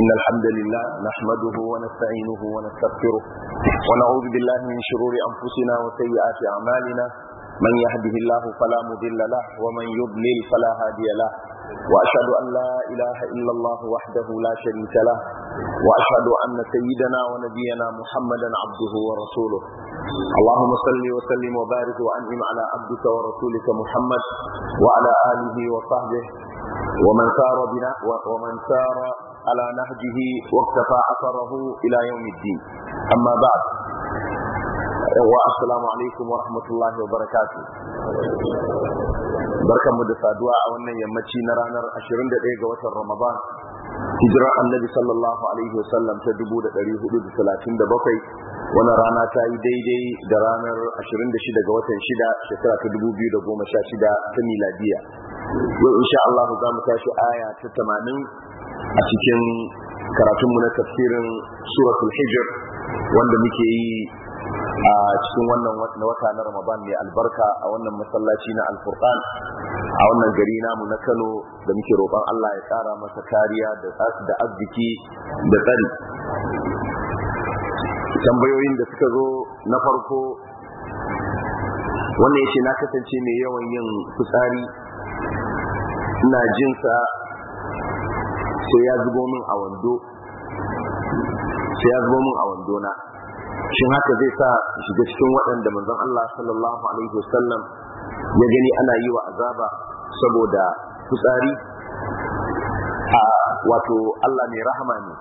إن الحمد لله نحمده ونستعينه ونستغفره ونعوذ بالله من شرور أنفسنا وسيئات أعمالنا من يهده الله فلا مضل له ومن يضلل فلا هادي له وأشهد أن لا إله إلا الله وحده لا شريك له وأشهد أن سيدنا ونبينا محمدا عبده ورسوله اللهم صل وسلم وبارك وأنعم على عبدك ورسولك محمد وعلى آله وصحبه ومن سار بنا ومن سار على نهجه واقتفى أثره إلى يوم الدين أما بعد والسلام عليكم ورحمة الله وبركاته barkan mu da saduwa a wannan yammaci na ranar 21 ga watan Ramadan hijirar annabi sallallahu alaihi wasallam ta 1437 wannan rana ta yi daidai da ranar 26 ga watan 6 shekara ta 2016 ta miladiya yau insha Allah za mu tashi aya ta 80 a cikin karatunmu na tafsirin suratul hijr wanda muke yi a cikin wannan wata na ramadan mai albarka a wannan masallaci na alfurqan a wannan gari namu na kano da muke roƙon allah ya tsara masa kariya da arziki da tsari tambayoyin da suka zo na farko wannan ya na kasance mai yawan yin fitsari ina jinsa sai ya zubo min a wando sai ya zubo min a wando na shin haka zai sa shiga cikin waɗanda manzon Allah sallallahu alaihi wasallam ya gani ana yi wa azaba saboda fitsari a wato Allah mai rahama ne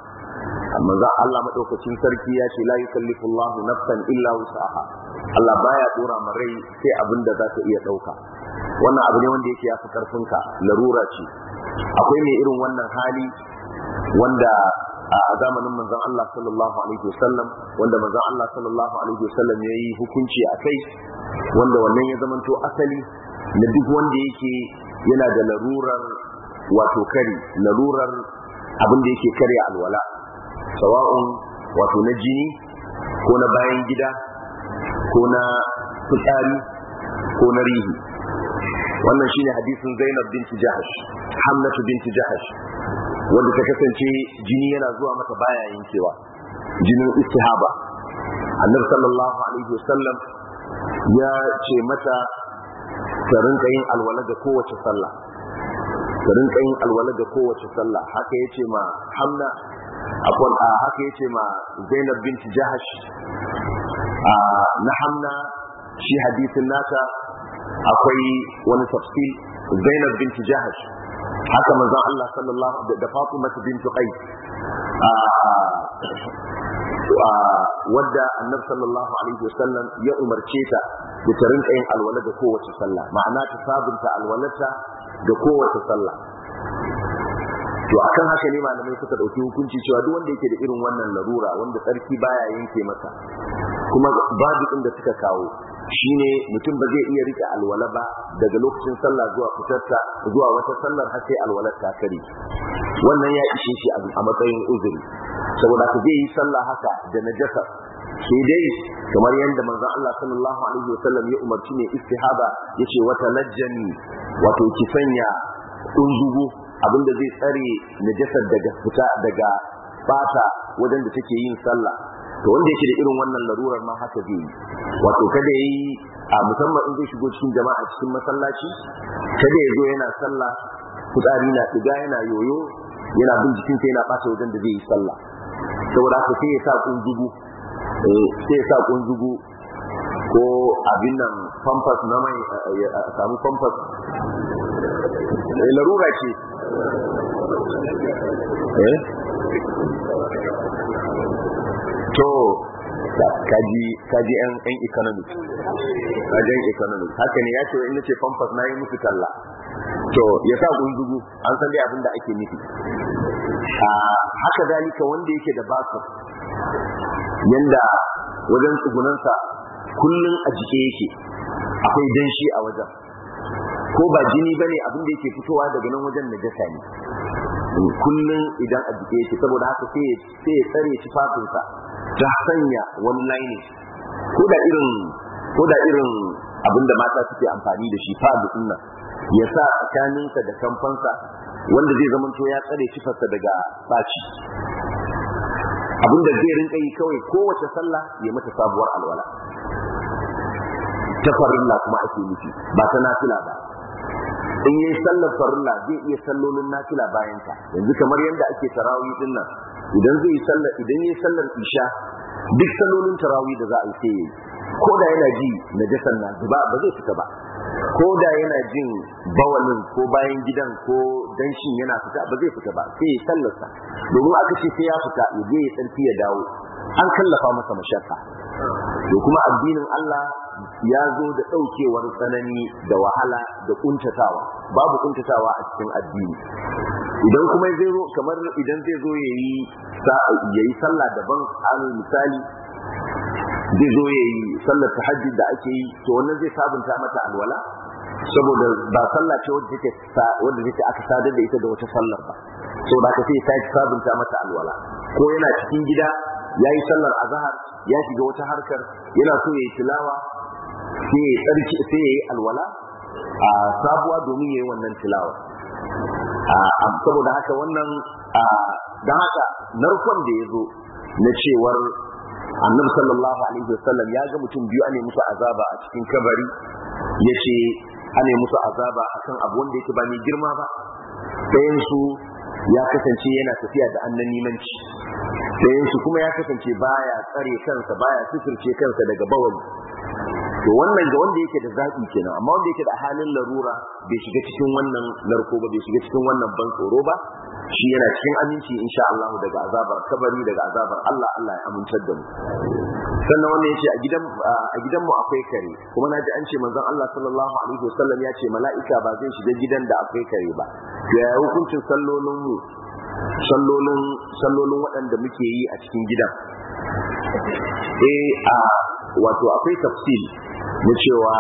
manzo Allah madaukakin sarki ya ce la yukallifu Allahu nafsan illa wus'aha Allah baya dora marai sai abinda za ta iya dauka wannan abu ne wanda yake ya fi karfinka larura ce akwai mai irin wannan hali wanda a zamanin manzon Allah sallallahu alaihi wasallam wanda manzon Allah sallallahu alaihi wasallam ya yi hukunci a kai wanda wannan ya zamanto asali na duk wanda yake yana da larurar wato kare, larurar abin da yake karya alwala sawa'un wato na jini ko na bayan gida ko na fitsari ko na rihi wannan shi ne hadisin Zainab binti Jahash Hamnatu binti Jahash wanda ta kasance jini yana zuwa mata baya yankewa jinin istihaba annabi sallallahu alaihi wasallam ya ce mata ta rinka yin alwala da kowace sallah ta rinka yin alwala da kowace sallah haka yace ma Hamna akwai haka yace ma Zainab binti Jahash na Hamna shi hadisin nata akwai wani tafsir Zainab bint Jahash haka manzon Allah sallallahu da Fatima bint Qais ah, ah, ah, wadda annabi sallallahu alaihi wasallam ya umarce ta da ta rinka yin alwala da kowace sallah ma'ana ta sabunta alwalata da kowace sallah to akan haka ne malamai suka dauki hukunci cewa duk wanda yake da irin wannan larura wanda tsarki baya yanke masa kuma babu inda suka kawo shine mutum ba zai iya rike alwala ba daga lokacin sallah zuwa fitarta zuwa wata sallar har sai alwala ta kare wannan ya ishe shi a matsayin uzuri saboda ka zai yi sallah haka da najasa sai dai kamar yadda manzon Allah sallallahu alaihi wasallam ya umarci ne istihaba yace wata najjani wato ki sanya kunzugo abinda zai tsare najasar daga fita daga fata wajen da take yin sallah to wanda yake da irin wannan larurar ma haka zai yi wato kada yi a musamman in zai shigo cikin jama'a cikin masallaci kada ya zo yana sallah fitsari na ɗiga yana yoyo yana bin sai yana ɓata wajen da zai yi sallah saboda haka sai ya sa kunzugu eh, sai ya sa ko abin nan pampas na mai eh, a samu pampas eh, larura ce to kaji kaji an an economic kaji haka ne ya ce in nace pampas na yi musu talla to ya sa gungugu an san dai abin da ake nufi haka dalika wanda yake da basu yanda wajen tsugunansa kullum a jike yake akwai danshi a wajen ko ba jini bane abin da yake fitowa daga nan wajen najasa ne kullum idan a jike shi saboda haka sai ya tsare shi fatinsa ta sanya wani laini ko da irin ko da irin abinda mata suke amfani da shi fadu sunna ya sa tsakaninsa da kamfansa wanda zai zama to ya tsare fasa daga baci abinda zai rinka yi kawai kowace sallah ya mata sabuwar alwala ta farilla kuma ake nufi ba ta nafila ba in yi sallar farilla zai iya sallolin nafila bayan ta yanzu kamar yadda ake tarawih din nan idan zai sallar idan yi sallar isha duk sallolin tarawih da za a yi ko da yana ji najasan na zuba ba zai fita ba ko da yana jin bawalin ko bayan gidan ko danshin yana fita ba zai fita ba sai sallarsa domin aka ce sai ya fita ya je ya tsarki ya dawo an kallafa masa mashakka to kuma addinin Allah ya zo da ɗaukewar tsanani da wahala da kuntatawa babu kuntatawa a cikin addini idan kuma zai zo kamar idan zai zo yayi yayi sallah daban an misali zai zo yayi sallar tahajjud da ake yi to wannan zai sabunta mata alwala saboda ba sallah ce wadda take wadda take aka sadar da ita da wata sallar ba So ba ta sai ta sabunta mata alwala ko yana cikin gida ya yi sallar azahar ya shiga wata harkar yana so ya yi tilawa sai ya sai ya yi alwala a sabuwa domin ya yi wannan tilawa saboda haka wannan da haka narkon da ya zo na cewar annabi sallallahu alaihi wasallam ya ga mutum biyu ane musu azaba a cikin kabari ya ce ane musu azaba akan abu wanda yake ba mai girma ba ɗayan su ya kasance yana tafiya da annan nimanci. sayan su kuma ya kasance baya tsare kansa baya suturce kansa daga bawali to wannan ga wanda yake da zaɓi kenan amma wanda yake da halin larura bai shiga cikin wannan narko ba bai shiga cikin wannan ban tsoro ba shi yana cikin aminci insha Allah daga azabar kabari daga azabar Allah Allah ya amintar da mu sannan wannan yace a gidan a gidan mu akwai kare kuma na ji an ce manzon Allah sallallahu alaihi wasallam ya ce mala'ika ba zai shiga gidan da akwai kare ba ya hukuncin sallolin mu sallolin sallolin waɗanda muke yi a cikin gidan eh a wato akwai tafsil na cewa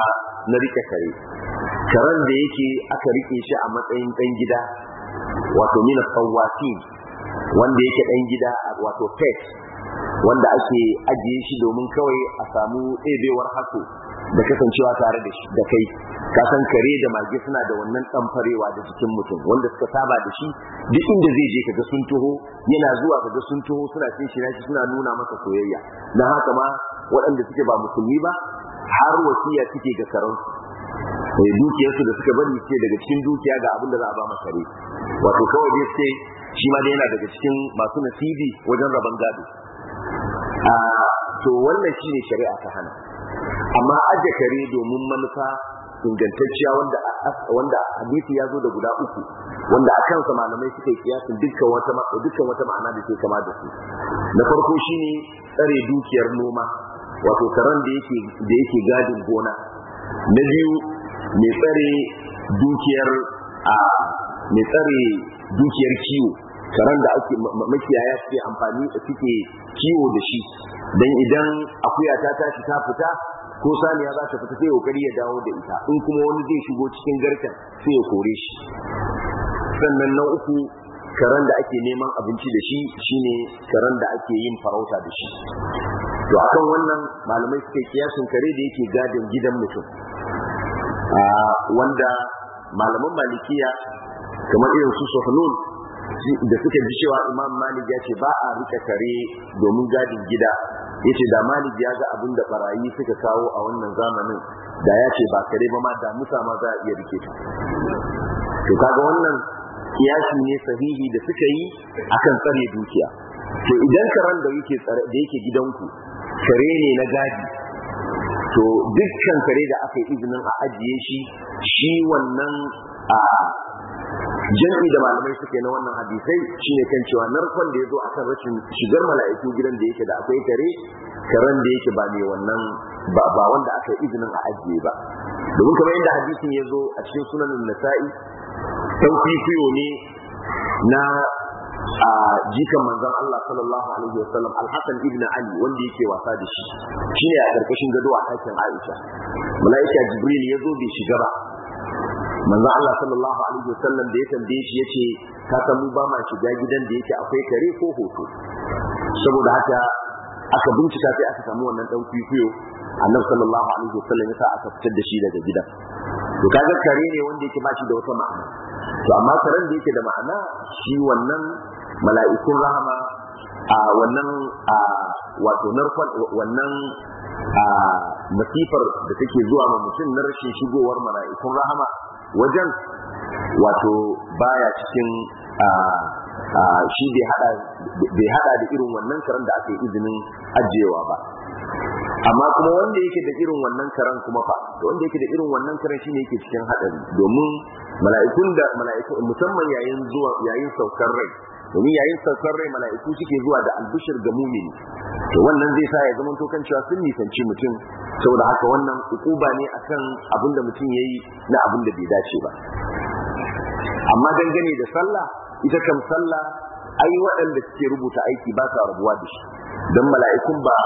na rike kare karen da yake aka rike shi a matsayin dan gida wato mina tawafin wanda yake ɗan gida wato pet wanda ake ajiye shi domin kawai a samu ɗebewar haso da kasancewa tare da shi da kai ka san kare da mage suna da wannan tsamfarewa da jikin mutum wanda suka saba da shi duk inda zai je kaga sun toho yana zuwa kaga sun toho suna cin shi shi suna nuna masa soyayya na haka ma waɗanda suke ba musulmi ba har wasiya suke ga karansu sai dukiyarsu da suka bari ce daga cikin dukiya ga abin da za a ba masa rai wato kawai dai sai shi ma dai yana daga cikin masu nasibi wajen rabon gado a to wannan shine shari'a ta hana amma aje kare domin manufa ingantacciya wanda wanda ya zo da guda uku wanda a kansa malamai suka yi kiyasin dukkan wata ma'ana da ke kama da su na farko shine tsare dukiyar noma wato karan da yake da yake gadin gona na biyu mai tsare dukiyar a mai tsare dukiyar kiwo karan da ake makiyaya suke amfani da suke kiwo da shi don idan akuya ta tashi ta fita ko saniya za ta fita sai kokari ya dawo da ita in kuma wani zai shigo cikin garken sai ya kore shi sannan na uku karen da ake neman abinci da shi shine karen da ake yin farauta da shi to akan wannan malamai suke kiyasin kare da yake gadin gidan mutum wanda malaman malikiya kamar irin su suhnun da suka ji cewa imam malik ya ce ba a rike kare domin gadin gida ya ce da malik ya ga abin da barayi suka kawo a wannan zamanin da ya ce ba kare ba ma da musa ma za a iya rike to kaga wannan kiyasi ne sahihi da suka yi akan tsare dukiya to idan karen da yake gidanku kare ne na gadi to dukkan kare da aka yi izinin a ajiye shi shi wannan a jami'i da malamai suke na wannan hadisai shine kan cewa narkon da ya zo a kan rashin shigar mala'iku gidan da yake da akwai kare karen da yake ba mai wannan ba ba wanda aka yi izinin a ajiye ba domin kamar yadda hadisin ya zo a cikin sunanin nasa'i taufifiyo ne na a jikan manzon Allah sallallahu alaihi wasallam al-Hasan ibn Ali wanda yake wasa da shi shine a karkashin gado a ɗakin Aisha malaika Jibril ya zo bai shiga ba manzon Allah sallallahu alaihi wasallam da ya tambaye shi yace ka san mu ba ma shiga gidan da yake akwai kare ko hoto saboda haka aka bincika sai aka samu wannan dan kwikwiyo annabi sallallahu alaihi wasallam ya sa aka fitar da shi daga gidan to kaga kare ne wanda yake bashi da wata ma'ana to amma karen da yake da ma'ana shi wannan mala'ikun rahama a wannan a wato narkon wannan a masifar da take zuwa ma mutum na rashin shigowar mala'ikun rahama wajen wato baya cikin a shi bai hada da irin wannan karen da aka yi izinin ajiyewa ba amma kuma wanda yake da irin wannan karen kuma fa wanda yake da irin wannan karen shine yake cikin hadari domin mala'ikun da mala'iku musamman yayin zuwa yayin saukar rai domin yayin saukar rai mala'iku suke zuwa da albishir ga mumini to wannan zai sa ya zama tokan cewa sun nisanci mutum saboda haka wannan ukuba ne akan abin da mutum yayi na abin da bai dace ba amma dangane da sallah ita kan sallah ai waɗanda suke rubuta aiki ba sa rabuwa da shi don mala'ikun ba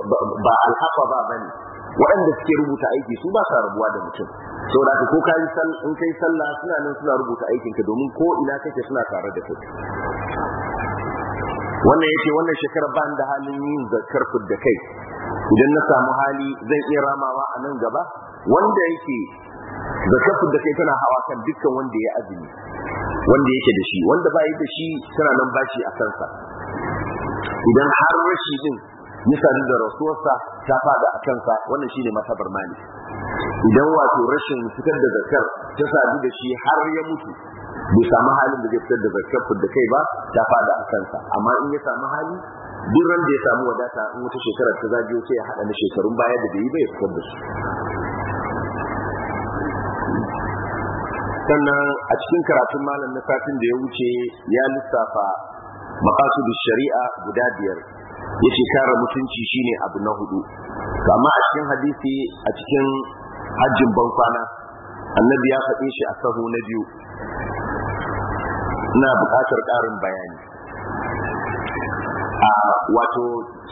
ba ba ne, waɗanda suke rubuta aiki su ba sa rabuwa da mutum saboda da ko kai in kai sallah suna nan suna rubuta aikinka domin ko ina kake suna tare da kai wannan yake wannan shekarar ban da halin yin zakar da kai idan na samu hali zan iya ramawa a nan gaba wanda yake zakar da kai tana hawa kan dukkan wanda ya azumi wanda yake da shi wanda ba da shi tana nan bashi a kansa idan har rashi din ya sadu da rasuwarsa ta fada a kansa wannan shine mata mali idan wato rashin fitar da zakar ta sadu da shi har ya mutu bai samu halin da zai fitar da zakar da kai ba ta fada a kansa amma in ya samu hali duk ran da ya samu wadata in wata shekarar ta zagayo sai ya haɗa na shekarun baya da bai ba ya fitar da su sannan a cikin karatun malam na satin da ya wuce ya lissafa maqasidu shari'a guda biyar yace kare mutunci shine abu na hudu amma a cikin hadisi a cikin hajjin bankwana annabi ya faɗe shi a sahu na biyu ina buƙatar ƙarin bayani a wato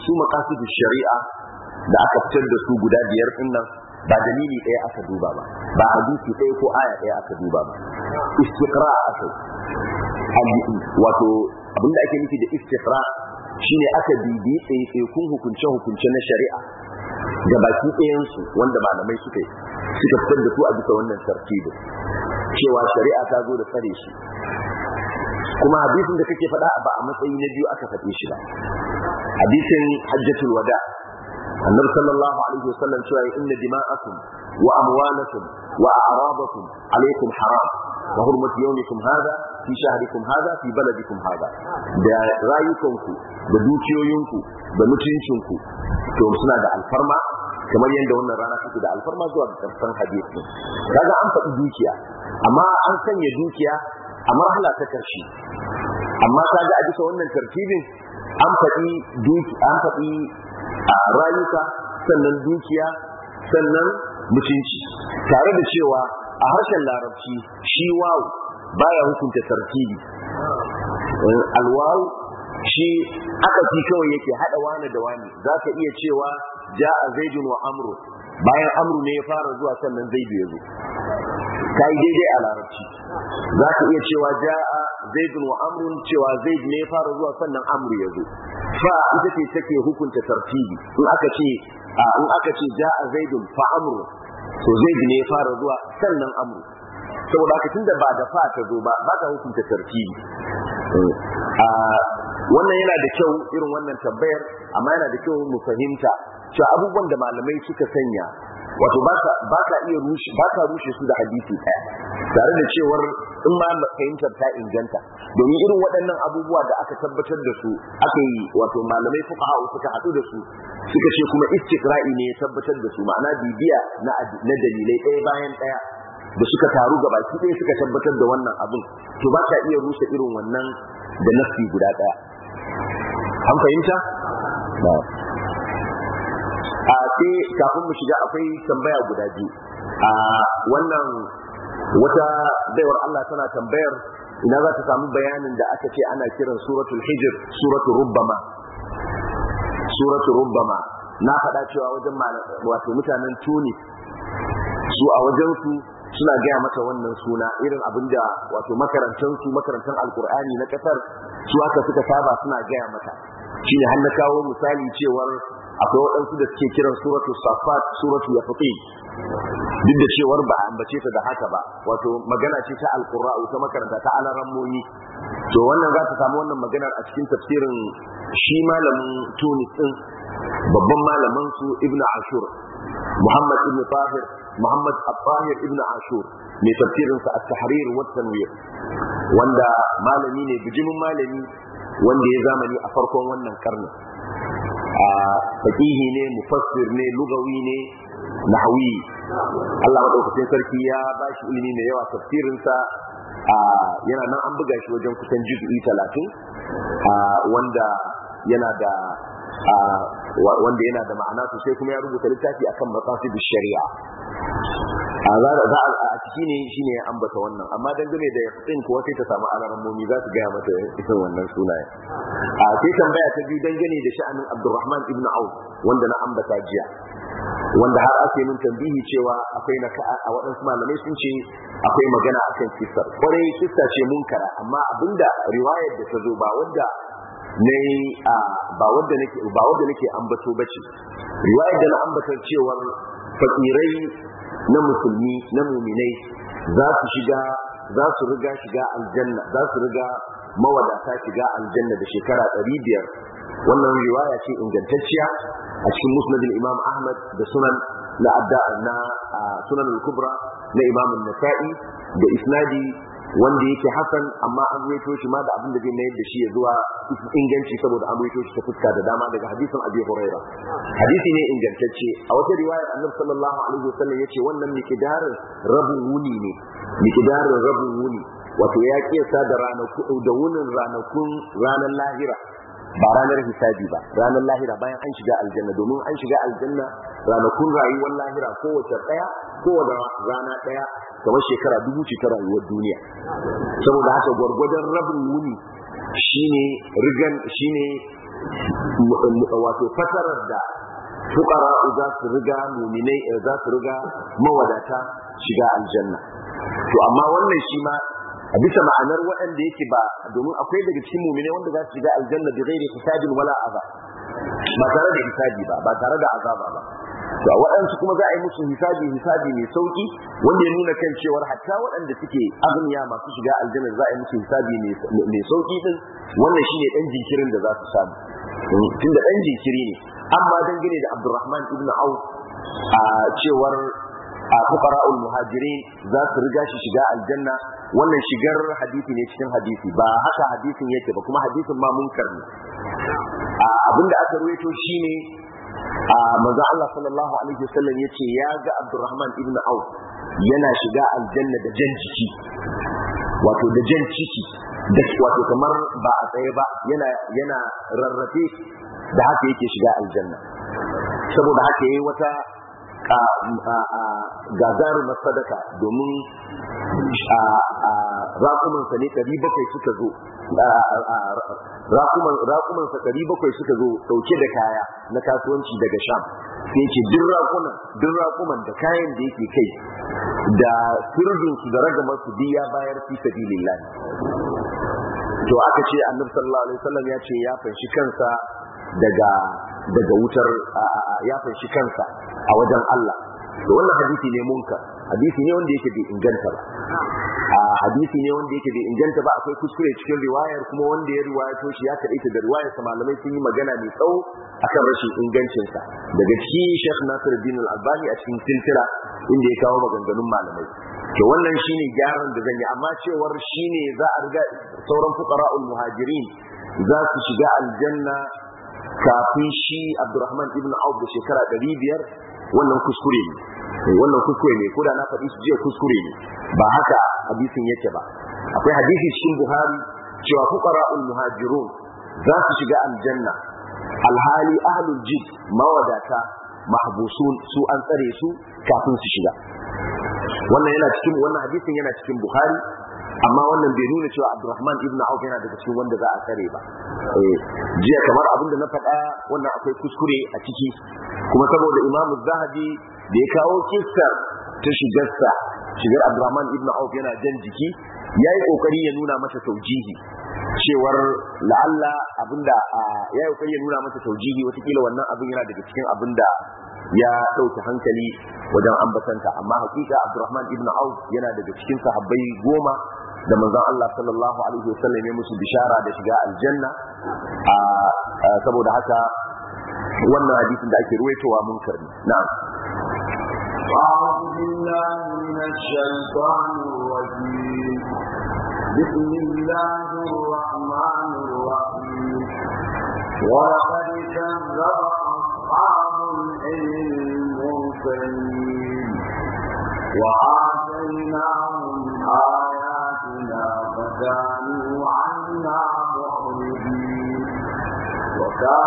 su maqasidu shari'a da aka fitar da su guda biyar ɗin ba dalili ɗaya aka duba ba ba hadisi ɗaya ko aya ɗaya aka duba ba istiqra aka wato abinda ake nufi da istiqra shine aka bibi ɗaiɗaikun hukunce hukunce na shari'a da baki ɗayansu wanda malamai suka yi suka fitar da su a bisa wannan tartibin cewa shari'a ta zo da tsare shi kuma hadisin da kake faɗa ba a matsayi na biyu aka faɗe shi ba hadisin hajjatul wada' annabi sallallahu alaihi wasallam cewa inna dima'akum wa amwalakum wa a'radakum alaikum haram wa hurmatu yawmikum hadha fi shahrikum hadha fi baladikum hadha da rayukanku da dukiyoyinku da mutuncinku to suna da alfarma kamar yadda wannan rana take da alfarma zuwa ga karshen hadisi kaga an faɗi dukiya amma an sanya dukiya a marhala ta karshe amma kaga a bisa wannan tartibin an faɗi a rayuka sannan dukiya sannan mutunci tare da cewa a harshen larabci shi wawu baya hukunta tartibi alwawu shi aka fi kawai yake hada wani da wani za ka iya cewa ja a zaidun wa amru bayan amru ne ya fara zuwa sannan zaidu ya zo ta yi daidai a larabci za ka iya cewa ja a zaidun wa Amru cewa zaid ne ya fara zuwa sannan amru ya zo fa ita ce take hukunta tartibi in aka ce in aka ce ja zaidun fa amru to zaid ne ya fara zuwa sannan amru saboda haka tunda ba da fa ta zo ba ba ta hukunta tartibi a wannan yana da kyau irin wannan tambayar amma yana da kyau mu fahimta cewa abubuwan da malamai suka sanya wato ba ka iya rushe ba ka rushe su da hadisi ɗaya tare da cewar in ma fahimtar ta inganta domin irin waɗannan abubuwa da aka tabbatar da su aka yi wato malamai fuka hau suka haɗu da su suka ce kuma ra'i ne ya tabbatar da su ma'ana bibiya na dalilai ɗaya bayan ɗaya da suka taru gaba ki ɗaya suka tabbatar da wannan abin to ba ka iya rushe irin wannan da nafi guda ɗaya an fahimta a sai kafin mu shiga akwai tambaya guda biyu a wannan wata baiwar Allah tana tambayar ina za ta samu bayanin da aka ce ana kiran suratul hijr suratul rubbama suratul rubbama na faɗa cewa wajen wato mutanen tuni su a wajen su suna gaya mata wannan suna irin abin da wato makarantansu makarantar alkur'ani na ƙasar su aka suka saba suna gaya mata shine har na kawo misali cewar akwai waɗansu da suke kiran suratu safat suratu ya duk da cewar ba a ambace ta da haka ba wato magana ce ta alkura'u ta makaranta ta moyi to wannan za ta samu wannan magana a cikin tafsirin shi malamin tunis din babban malamin su ibn ashur muhammad ibn tahir muhammad abahir ibn ashur mai tafsirin sa at-tahrir wa tanwir wanda malami ne bijimin malami wanda ya zamani a farkon wannan karni fakihi ne mufassir ne lugawi ne nahawi Allah madaukakin sarki ya ba shi ilimi mai yawa tafsirinsa yana nan an buga shi wajen kusan juz'i talatin wanda yana da wanda yana da ma'ana sosai kuma ya rubuta littafi akan maqasid shari'a a a ciki ne shi ne ya ambata wannan amma dangane da yaqin kuwa sai ta samu alarammomi za su gaya mata irin wannan sunayen a sai tambaya ta biyu dangane da sha'anin abdurrahman ibn Auf wanda na ambata jiya wanda har ake min tambihi cewa akwai na a waɗansu malamai sun ce akwai magana akan kisar kwarai kisa ce munkara amma abinda riwayar da ta zo ba wanda ne ba wanda nake ba wanda nake ambato bace riwayar da na ambatar cewar fakirai na musulmi na muminai za su shiga za su riga shiga aljanna za su riga mawadata shiga aljanna da shekara ɗari biyar wannan riwaya ce ingantacciya a cikin musnadin imam ahmad da sunan na sunan al-kubra na imam nasa'i da isnadi wanda yake hasan amma an ruwaito shi ma da abin da zai mayar da shi ya zuwa inganci saboda an ruwaito shi ta fuska da dama daga hadisin abi huraira hadisi ne ingantacce a wata riwayar annabi sallallahu alaihi wasallam yace wannan miqdarin rabin wuni ne miqdarin rabin wuni wato ya kiyasa da da wunin ranakun ranar lahira ba ranar hisabi ba ranar lahira bayan an shiga aljanna domin an shiga aljanna ranakun rayuwar lahira kowace daya kowace rana daya kamar shekara dubu shekara ta duniya saboda haka gwargwadon rabin muni shine rigan shine wato fasarar da fukara za su riga muminai za su riga mawadata shiga aljanna to amma wannan shi ma a bisa ma'anar waɗanda yake ba domin akwai daga cikin muminai wanda za su shiga aljanna bi da hisabin wala aza. ba tare da hisabi ba ba tare da azaba ba to waɗansu kuma za a yi musu hisabi hisabi mai sauki wanda ya nuna kan cewar hatta waɗanda suke azmiya masu shiga aljanna za a yi musu hisabi mai sauki din wannan shine dan jinkirin da za su samu hmm, tunda dan jinkiri ne amma dangane da Abdurrahman ibn Auf a cewar a fuqara'ul muhajirin za su riga shi shiga aljanna wannan shigar hadisi ne cikin hadisi ba haka hadisin yake ba kuma hadisin ma munkar ne abinda aka ruwaito shine a manzo Allah sallallahu alaihi wasallam yace ya ga Abdurrahman ibn Auf yana shiga aljanna da jan ciki wato da jan ciki da wato kamar ba a tsaye ba yana yana rarrafe da haka yake shiga aljanna saboda haka yayi wata gagarumar sadaka domin raƙumansa ne ɗari bakwai suka zo raƙumansa zo ɗauke da kaya na kasuwanci daga sham sai ce duk rakunan duk raƙuman da kayan da yake kai da sirrinsu da ragamar su biya bayar fi sabilillah to aka ce annabi sallallahu alaihi wasallam ya ce ya fanshi kansa daga daga wutar ya fanshi kansa a wajen Allah to wannan hadisi ne munka hadisi ne wanda yake bai inganta ba a hadisi ne wanda yake bai inganta ba akwai kuskure cikin riwayar kuma wanda ya riwayato shi ya kaɗaita da riwayar sa malamai sun yi magana mai tsawo akan rashin ingancin sa daga shi Sheikh Nasiruddin Al-Albani a cikin silsila inda ya kawo maganganun malamai to wannan shine gyaran da zan yi amma cewar shine za a riga sauran fuqara'ul muhajirin za su shiga aljanna kafin shi abdurrahman ibn auf da shekara ɗari biyar wannan kuskure ne wannan kuskure ne ko da na faɗi su jiya kuskure ne ba haka hadisin yake ba akwai hadisi cikin buhari cewa fuqara'ul muhajirun za su shiga aljanna alhali ahlul jid mawadata mahbusun su an tsare su kafin su shiga wannan yana cikin wannan hadisin yana cikin buhari amma wannan bai nuna cewa Abdurahman ibn Auf yana daga cikin wanda za a tsare ba eh, jiya kamar abin da na faɗa wannan akwai kuskure a ciki kuma saboda Imam Zahabi da ya kawo kissar ta shigarsa shigar Abdurahman ibn Auf yana jan jiki yayi kokari ya nuna mata taujihi cewar la'alla abinda yayi kokari ya nuna mata taujihi wataƙila wannan abin yana daga cikin abinda ya ɗauki hankali wajen ambatanta amma hakika Abdurahman ibn Auf yana daga cikin sahabbai goma da manzon Allah sallallahu alaihi wasallam ya musu bishara da shiga aljanna a saboda haka wannan hadisin da ake ruwaitowa mun ne na'am أعوذ بسم الله الرحمن الرحيم ولقد كذب أصحاب العلم المرسلين وعاد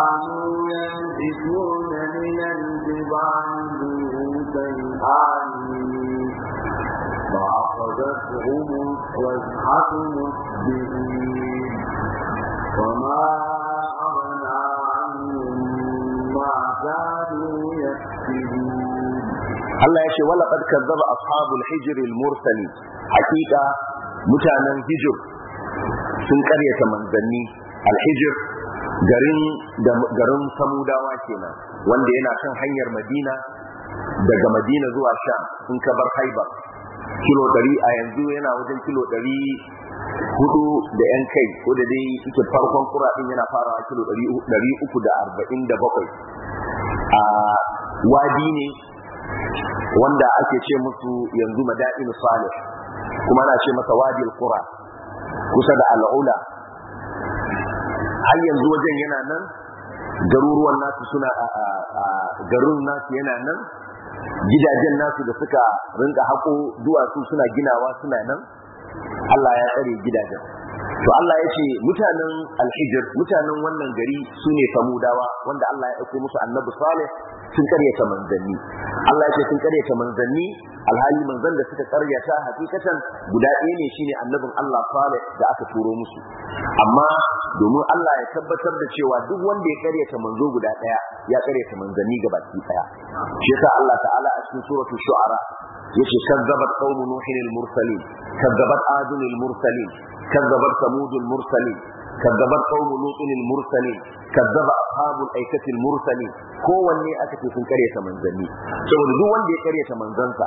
كانوا ينزلون من الجبال بيوتا عالمين فأخذتهم الصيحة مصبرين وما أغنى عنهم ما كانوا يكسبون الله يشهد ولقد كذب أصحاب الحجر المرسلين حقيقة متى ننهجر sun karyata manzanni الحجر garin garin samudawa kenan wanda yana kan hanyar madina daga madina zuwa sha in ka bar haibar kilo ɗari a yanzu yana wajen kilo ɗari hudu da yan kai ko da dai ike farkon kura din yana farawa kilo ɗari da arba'in da bakwai a wadi ne wanda ake ce musu yanzu madadin salih kuma ana ce masa wadi kura kusa da al'ula har yanzu wajen yana nan garuruwan nasu suna garin nasu yana nan gidajen nasu da suka rinka haƙo duwatsu suna ginawa suna nan Allah ya tsare gidajen to Allah ya ce mutanen alhijir mutanen wannan gari su ne samudawa wanda Allah ya ɗauko musu annabi salih sun karyata manzanni Allah ya ce sun karyata manzanni alhali manzan da suka karyata hakikatan guda ɗaya ne shine annabin Allah Salih da aka turo musu amma domin Allah ya tabbatar da cewa duk wanda ya karyata manzo guda ɗaya ya karyata manzanni ga baki ɗaya shi yasa Allah ta'ala a cikin suratu shu'ara yace kazzabat qaumu nuhin al-mursalin kazzabat adun al-mursalin kazzabat samud al-mursalin kazzabat qaumu lutun al mursalin kazzaba ashabul aikati al kowanne aka ce sun karyata manzanni saboda duk wanda ya karyata manzansa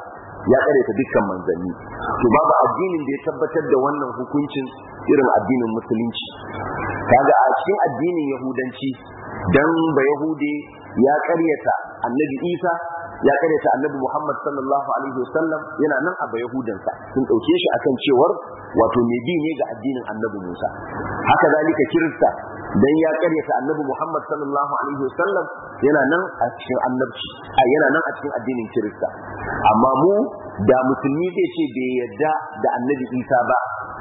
ya karyata dukkan manzanni to babu addinin da ya tabbatar da wannan hukuncin irin addinin musulunci kaga a cikin addinin yahudanci dan ba yahude ya karyata annabi isa ya karyata annabi Muhammad sallallahu alaihi wasallam yana nan a bayahudansa sun dauke shi akan cewar wato mai bi ne ga addinin annabi Musa haka zalika kirista dan ya karyata annabi Muhammad sallallahu alaihi wasallam yana nan a cikin annabci yana nan a cikin addinin kirista amma mu da musulmi zai ce bai yarda da annabi Isa ba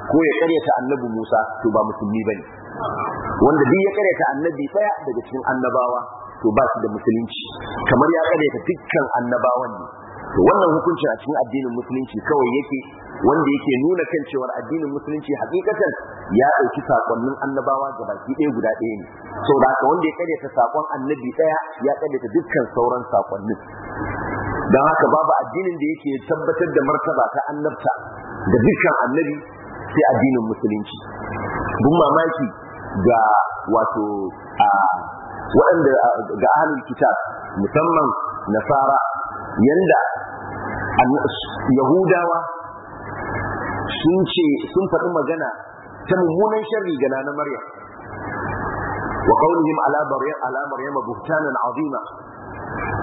ko ya karyata annabi Musa to ba musulmi bane wanda duk ya karyata annabi daya daga cikin annabawa to ba su da musulunci kamar ya ta dukkan annabawan ne to wannan hukunci a cikin addinin musulunci kawai yake wanda yake nuna kan cewa addinin musulunci hakikatan ya ɗauki sakonnin annabawa ga baki ɗaya guda ɗaya ne saboda haka wanda ya ta sakon annabi ɗaya ya ta dukkan sauran sakonnin dan haka babu addinin da yake tabbatar da martaba ta annabta da dukkan annabi sai addinin musulunci bin mamaki ga wato a waɗanda ga ahalin kitab musamman nasara yanda yahudawa sun ce sun faɗi magana ta mummunan sharri ga na maryam wa qawlihim ala maryam ala maryam buhtanan azima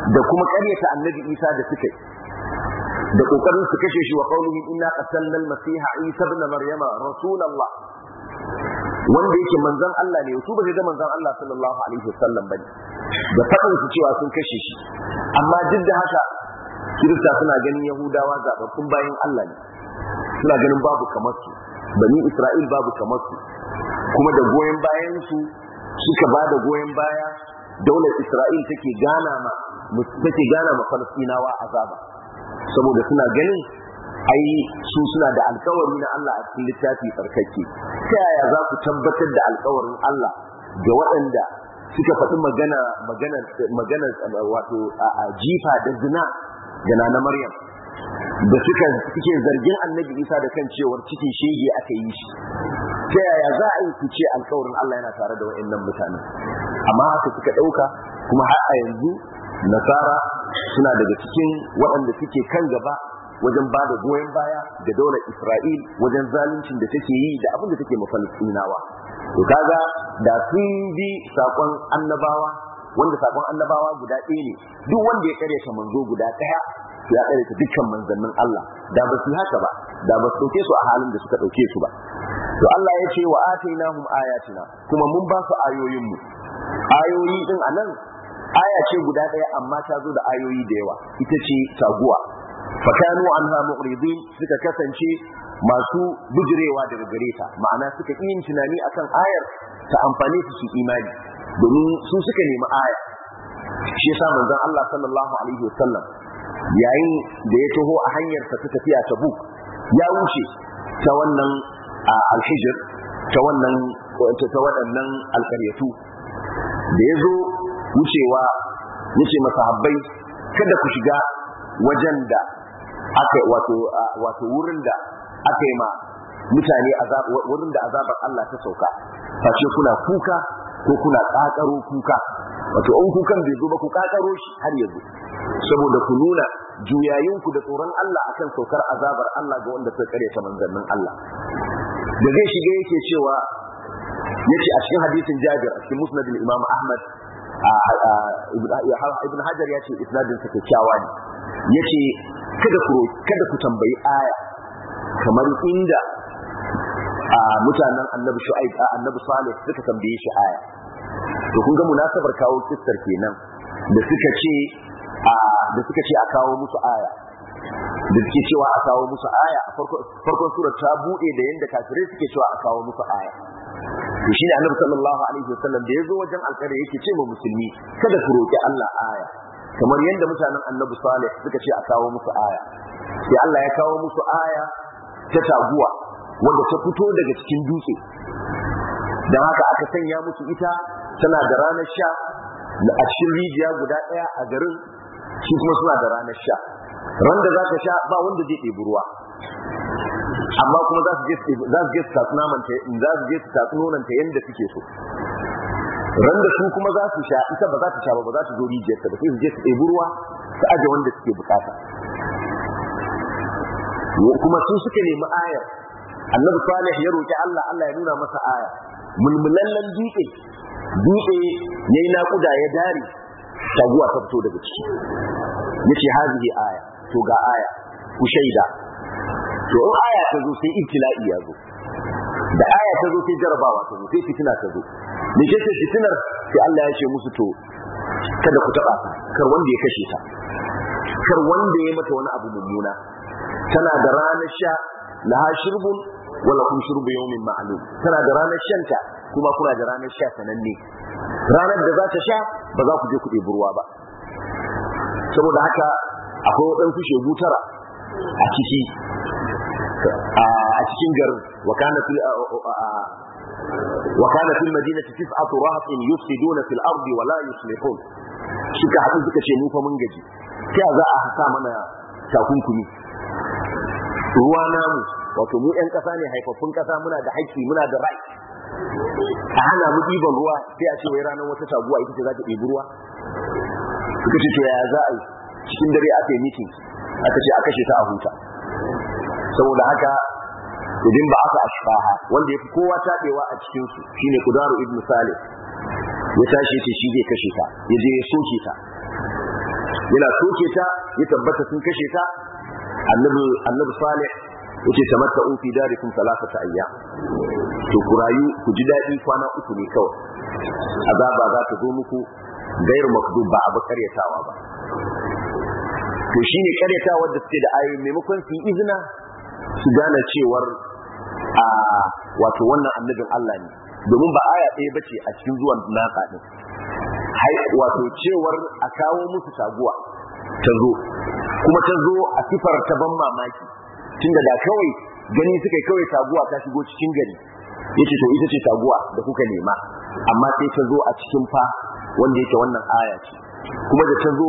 da kuma ƙaryata annabi isa da suka da kokarin su kashe shi wa qawlihim inna qatalna al-masiha isa ibn Maryama, rasulullah wanda yake manzan Allah ne su ba zai ga manzan Allah sallallahu alaihi wasallam bane da fadin su cewa sun kashe shi amma duk da haka kirista suna ganin yahudawa zababbun bayan Allah ne suna ganin babu kamar su bani Isra'il babu kamar su kuma da goyen bayan su suka ba da goyen baya daular Isra'il take gana ma take gana ma Falastinawa azaba saboda suna ganin ai su suna da alkawari na Allah a cikin littafi tsarkake ta yaya za ku tabbatar da alkawarin Allah ga waɗanda suka faɗi magana magana magana wato a jifa da zina ga nana Maryam da suka suke zargin Annabi Isa da kan cewar cikin shege aka yi shi ta yaya za a yi ku ce alkawarin Allah yana tare da waɗannan mutane amma haka suka ɗauka kuma har a yanzu nasara suna daga cikin waɗanda suke kan gaba wajen ba da goyon baya da daular Isra'il wajen zaluncin da take yi da abin da take ma to kaga da sun bi sakon annabawa wanda sakon annabawa guda ɗaya ne duk wanda ya karyata manzo guda ɗaya ya karyata dukkan manzannin Allah da ba su haka ba da ba su ɗauke su a halin da suka ɗauke su ba to Allah ya ce wa atainahum ayatina kuma mun ba su ayoyinmu ayoyi din anan aya ce guda ɗaya amma ta zo da ayoyi da yawa ita ce taguwa fakanu anha mu'ridin suka kasance masu bujirewa daga gare ta ma'ana suka yin tunani akan ayar ta amfane su su imani domin su suka nemi ayar. shi yasa manzon Allah sallallahu alaihi wasallam yayin da ya taho a hanyar sa ta tafiya ta buk ya wuce ta wannan alhijir ta wannan ta waɗannan alƙaryatu da ya zo wucewa ya masahabbai kada ku shiga wajen da aka wato wato wurin da aka yi ma mutane wurin da azabar Allah ta sauka face kuna kuka ko kuna kakaro kuka wato an kukan bai zo ba ku kakaro shi har yanzu saboda ku nuna juyayinku da tsoron Allah akan saukar azabar Allah ga wanda suka ta manzannin Allah da zai shiga yake cewa yace a cikin hadisin Jabir a cikin musnad Imam Ahmad ibn hajar ya ce isnadin sa kyakkyawa ne yace kada ku kada ku tambayi aya kamar inda mutanen annabi shu'aib annabi salih suka tambaye shi aya to kun ga munasabar kawo kissar kenan da suka ce da suka ce a kawo musu aya da suke cewa a kawo musu aya farkon sura ta bude da yanda kafirai suke cewa a kawo musu aya to shine annabi sallallahu alaihi wasallam da yazo wajen alƙarya yake ce ma musulmi kada ku roki Allah aya kamar yadda mutanen annabi salih suka ce a kawo musu aya sai Allah ya kawo musu aya ta taguwa wanda ta fito daga cikin dutse Da haka aka sanya musu ita tana da ranar sha a cikin rijiya guda ɗaya a garin shi kuma suna da ranar sha ran da za ka sha ba wanda zai ɗebi ruwa amma kuma za su je za su je su tatsu naman ta za su je su tatsu nonon ta yanda suke so ran da su kuma za su sha ita ba za ta sha ba ba za ta zo rijiyar ta ba sai su je su ɗebi ruwa su aje wanda suke bukata kuma su suka nemi ayar annabi salih ya roki Allah Allah ya nuna masa aya mulmulallen dutse dutse yayi naƙuda ya dare taguwa ta fito daga ciki yace hazihi aya to ga aya ku shaida to in aya ta zo sai ibtila'i ya zo da aya ta zo sai jarabawa ta zo sai fitina ta zo me ke ce fitinar sai Allah ya ce musu to kada ku taba kar wanda ya kashe ta kar wanda ya mata wani abu mummuna tana da ranar sha laha shirbun wala kun shirbu yawmin ma'lum tana da ranar shan ta, kuma kuna da ranar sha sananne ranar da za ta sha ba za ku je ku ɗebi ba saboda haka akwai waɗansu shegu tara a ciki a cikin garin wakana fil wakana fil madinati tis'atu rahatin yufsiduna fil ardi wa la yuslihun ka haɗu suka ce mu fa mun gaji sai za a sa mana takunkumi ruwa namu wato mu yan ƙasa ne haifaffun ƙasa muna da haƙƙi muna da rai a hana mu ɗiban ruwa sai a ce wai ranar wata taguwa ita ce za ta ɗebi ruwa suka ce ya za a yi cikin dare aka yi mitin aka ce a kashe ta a huta saboda haka idan ba aka ashfaha wanda yafi kowa tabewa a cikin su shine kudaru ibnu salih ya tashi ce shi zai kashe ta ya je ya soke ta yana soke ta ya tabbata sun kashe ta annabi annabi salih yace tamatta'u fi darikum thalathata ayyam to ku rayu ku ji dadi kwana uku ne kawai azaba za ta zo muku gairu makdub ba abu karyatawa ba to shine karyatawar da suke da ayoyi maimakon su yi izina su gane cewar a wato wannan annabin Allah ne domin ba aya ɗaya ba ce a cikin zuwan nasa ɗin wato cewar a kawo musu taguwa ta zo kuma ta zo a sifar ta ban mamaki tun da kawai gani suka kawai taguwa ta shigo cikin gari yace to ita ce taguwa da kuka nema amma sai ta zo a cikin fa wanda yake wannan aya ce kuma da ta zo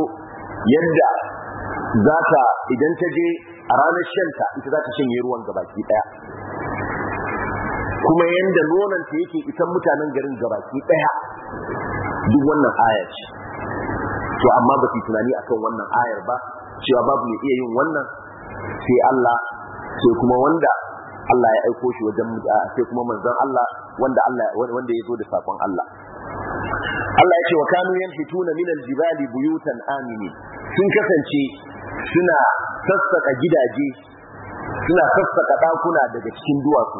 yadda za ta idan ta je a ranar shanta ita za ta shanye ruwan gabaki daya kuma yanda nonanta yake isan mutanen garin gabaki daya duk wannan aya ce to amma ba su tunani akan wannan ayar ba cewa babu mai iya yin wannan sai Allah sai kuma wanda Allah ya aiko shi wajen sai kuma manzon Allah wanda ya zo da sakon Allah Allah ya ce wa kanu tuna min aljibali buyutan amini sun kasance suna sassaka gidaje suna sassaka ɗakuna daga cikin duwatsu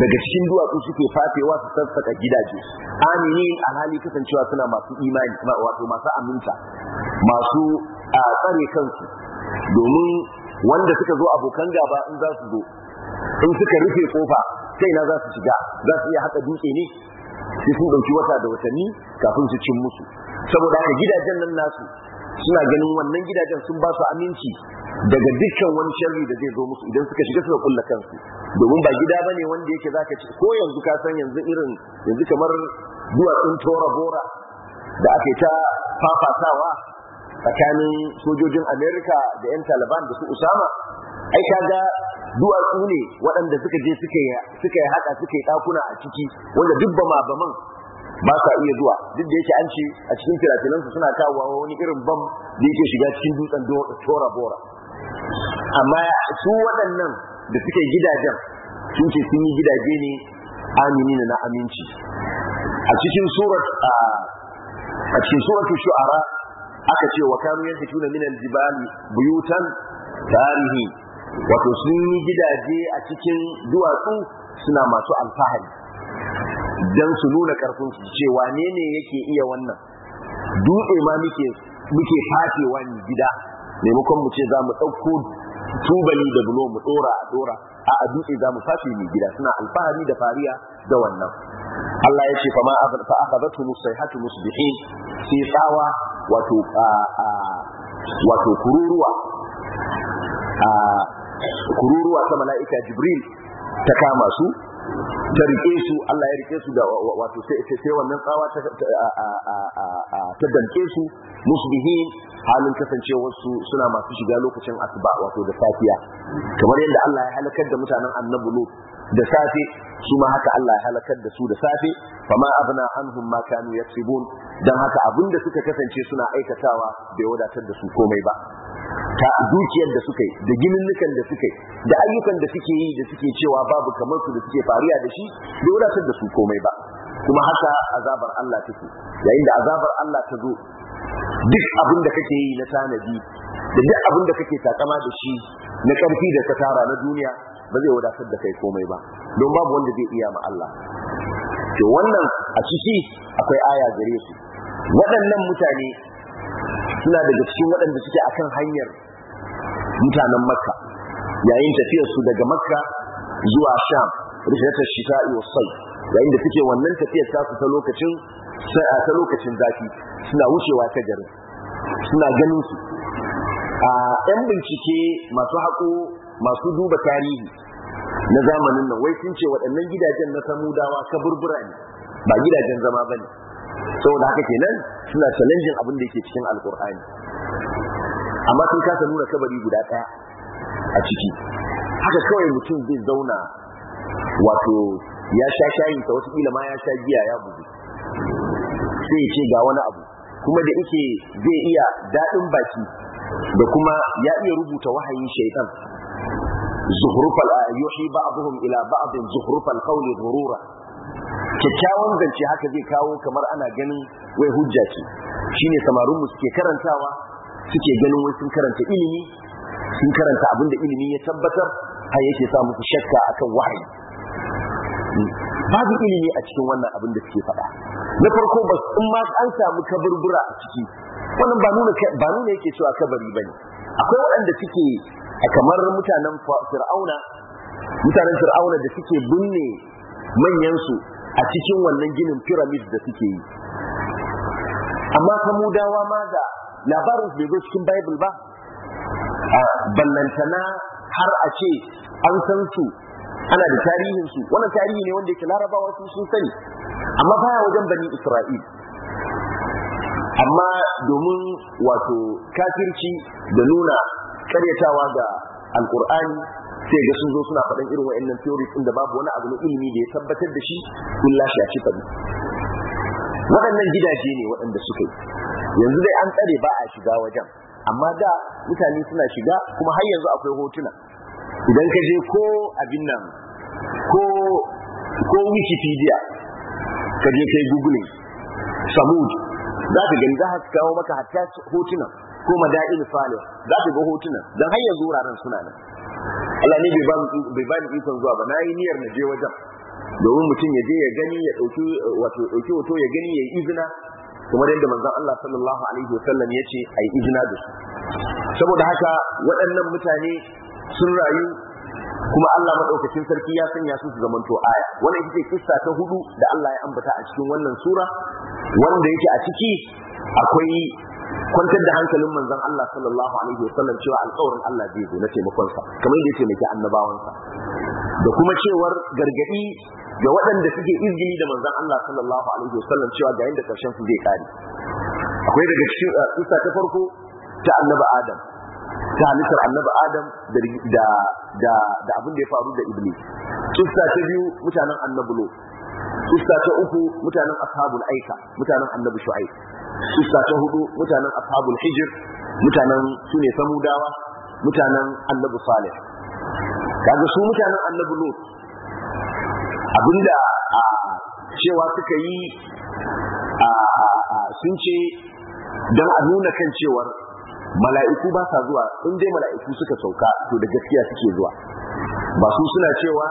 daga cikin duwatsu suke fafewa su sassaka gidaje aminin alhali kasancewa suna masu imani wato masu aminta masu tsare kansu domin wanda suka zo abokan gaba in za su zo in suka rufe kofa sai na za su shiga za su iya haka dutse ne sai sun ɗauki wata da watanni kafin su cin musu saboda haka gidajen nan nasu suna ganin wannan gidajen sun ba su aminci daga dukkan wani sharri da zai zo musu idan suka shiga suka kulla kansu domin ba gida ba ne wanda yake zaka ci ko yanzu ka san yanzu irin yanzu kamar duwatsun tora bora da aka yi ta fafatawa tsakanin sojojin amerika da 'yan taliban da su usama ai ga duwatsu ne waɗanda suka je suka yi haka suka yi ɗakuna a ciki wanda duk ba man ba sa iya zuwa duk da yake an ce a cikin firafilansu suna kawo wani irin bam da yake shiga cikin dutsen tora bora amma su waɗannan da suke gidajen sun ce sun yi gidaje ne amini na aminci a cikin surat a shu'ara aka ce wa kanu yantakuna min al-jibali buyutan tarihi wato sun yi gidaje a cikin duwatsu suna masu alfahari dan su nuna karfin su ce wane ne yake iya wannan dutse ma muke muke fatewa wani gida maimakon mu ce za mu ɗauko tubali da bulo mu dora a dora a dutse za mu fafe ni gida suna alfahari da fariya da wannan Allah ya ce fa ma fa akhadathu musaihatu musbihin sai tsawa wato wato kururuwa kururuwa ta mala'ika Jibril ta kama su ta rike su Allah ya rike su da wato sai wannan tsawa ta ta danke su musbihin halin kasancewar su suna masu shiga lokacin asuba wato da safiya kamar yadda Allah ya halakar da mutanen annabulu. da safe su ma haka Allah ya halakar da su da safe fama abna anhum ma kanu yaksibun dan haka abinda suka kasance suna aikatawa bai wadatar da su komai ba ta dukiyar da suka yi da gininnukan da suka yi da ayyukan da suke yi da suke cewa babu kamar su da suke fariya da shi bai wadatar da su komai ba kuma haka azabar Allah take yayin da azabar Allah ta zo duk abin da kake yi na tanadi da duk abin da kake takama da shi na karfi da kasara na duniya ba zai wadatar da kai komai ba don babu wanda zai iya ma Allah to wannan a ciki akwai aya gare su waɗannan mutane suna daga cikin waɗanda suke akan hanyar mutanen makka yayin tafiyar su daga makka zuwa sham rihlatar shita'i was sai yayin da suke wannan tafiyar su ta lokacin ta lokacin zafi suna wucewa ta garin suna ganin su a 'yan bincike masu haƙo masu duba tarihi na zamanin nan wai sun ce waɗannan gidajen na samudawa burbura ne ba gidajen zama ba ne saboda haka kenan suna challenging abin da yake cikin alkur'ani amma sun kasa nuna kabari guda ɗaya a ciki haka kawai mutum zai zauna wato ya sha shayinsa wasu kila ma ya sha giya ya bugu sai ya ce ga wani abu kuma da yake zai iya daɗin baki da kuma ya iya rubuta wahayin shaitan zuhrufal yuhi ba'dhum ila ba'd zuhurfal qawli ghurura kyakkyawan zance haka zai kawo kamar ana ganin wai hujja ce shine samarin mu suke karantawa suke ganin wai sun karanta ilimi sun karanta abin da ilimi ya tabbatar a yake sa shakka akan wahayi babu ilimi a cikin wannan abin da suke faɗa na farko ba in ma an samu kaburbura a ciki wannan ba nuna ba nuna yake cewa kabari bane akwai waɗanda suke a kamar mutanen fir'auna mutanen fir'auna da suke binne manyansu a cikin wannan ginin pyramid da suke yi amma samudawa ma da labarin bai zo cikin bible ba a ballantana har a ce an san su ana da tarihin su wannan tarihi ne wanda yake larabawa su sun sani amma baya wajen bani isra'il amma domin wato kafirci da nuna karyatawa ga alkur'ani sai ga sun zo suna faɗin irin wa'annan theories din da babu wani abu na ilimi da ya tabbatar da shi in lashe a cikin waɗannan gidaje ne waɗanda suka yi yanzu dai an tsare ba a shiga wajen amma da mutane suna shiga kuma har yanzu akwai hotuna idan ka je ko abin nan ko wikipedia ka je kai googling samud za ka gani za ka kawo maka hatta hotunan. ko madain salih za ka ga hotunan dan hanyar yanzu suna nan Allah ne bai ba ni ikon zuwa ba nayi niyyar na je wajen domin mutum ya je ya gani ya dauki wato dauki wato ya gani ya yi izina kamar yadda manzon Allah sallallahu alaihi wasallam ya ce ai izina da su saboda haka waɗannan mutane sun rayu kuma Allah madaukakin sarki ya sanya su su zamanto aya wannan ita ce kissa ta hudu da Allah ya ambata a cikin wannan sura wanda yake a ciki akwai kwantar da hankalin manzon Allah sallallahu alaihi wasallam cewa alƙawarin Allah zai zo na taimakonsa sa kamar yadda taimaki annabawansa. da kuma cewar gargadi ga waɗanda suke izini da manzon Allah sallallahu alaihi wasallam cewa ga yanda karshen su zai kare akwai daga cikin kisa uh, ta farko ta annabi Adam ta halittar annabi Adam da da da abin da ya faru da Iblis kisa ta biyu mutanen annabi Lot kisa ta uku mutanen ashabul aika mutanen annabi Shu'aib iska ta hudu mutanen ashabul hijir mutanen su ne samudawa mutanen annabi salih kaga su mutanen annabi lut abinda a cewa suka yi a sun ce don a nuna kan cewar mala'iku ba sa zuwa in dai mala'iku suka sauka to da gaskiya suke zuwa ba su suna cewa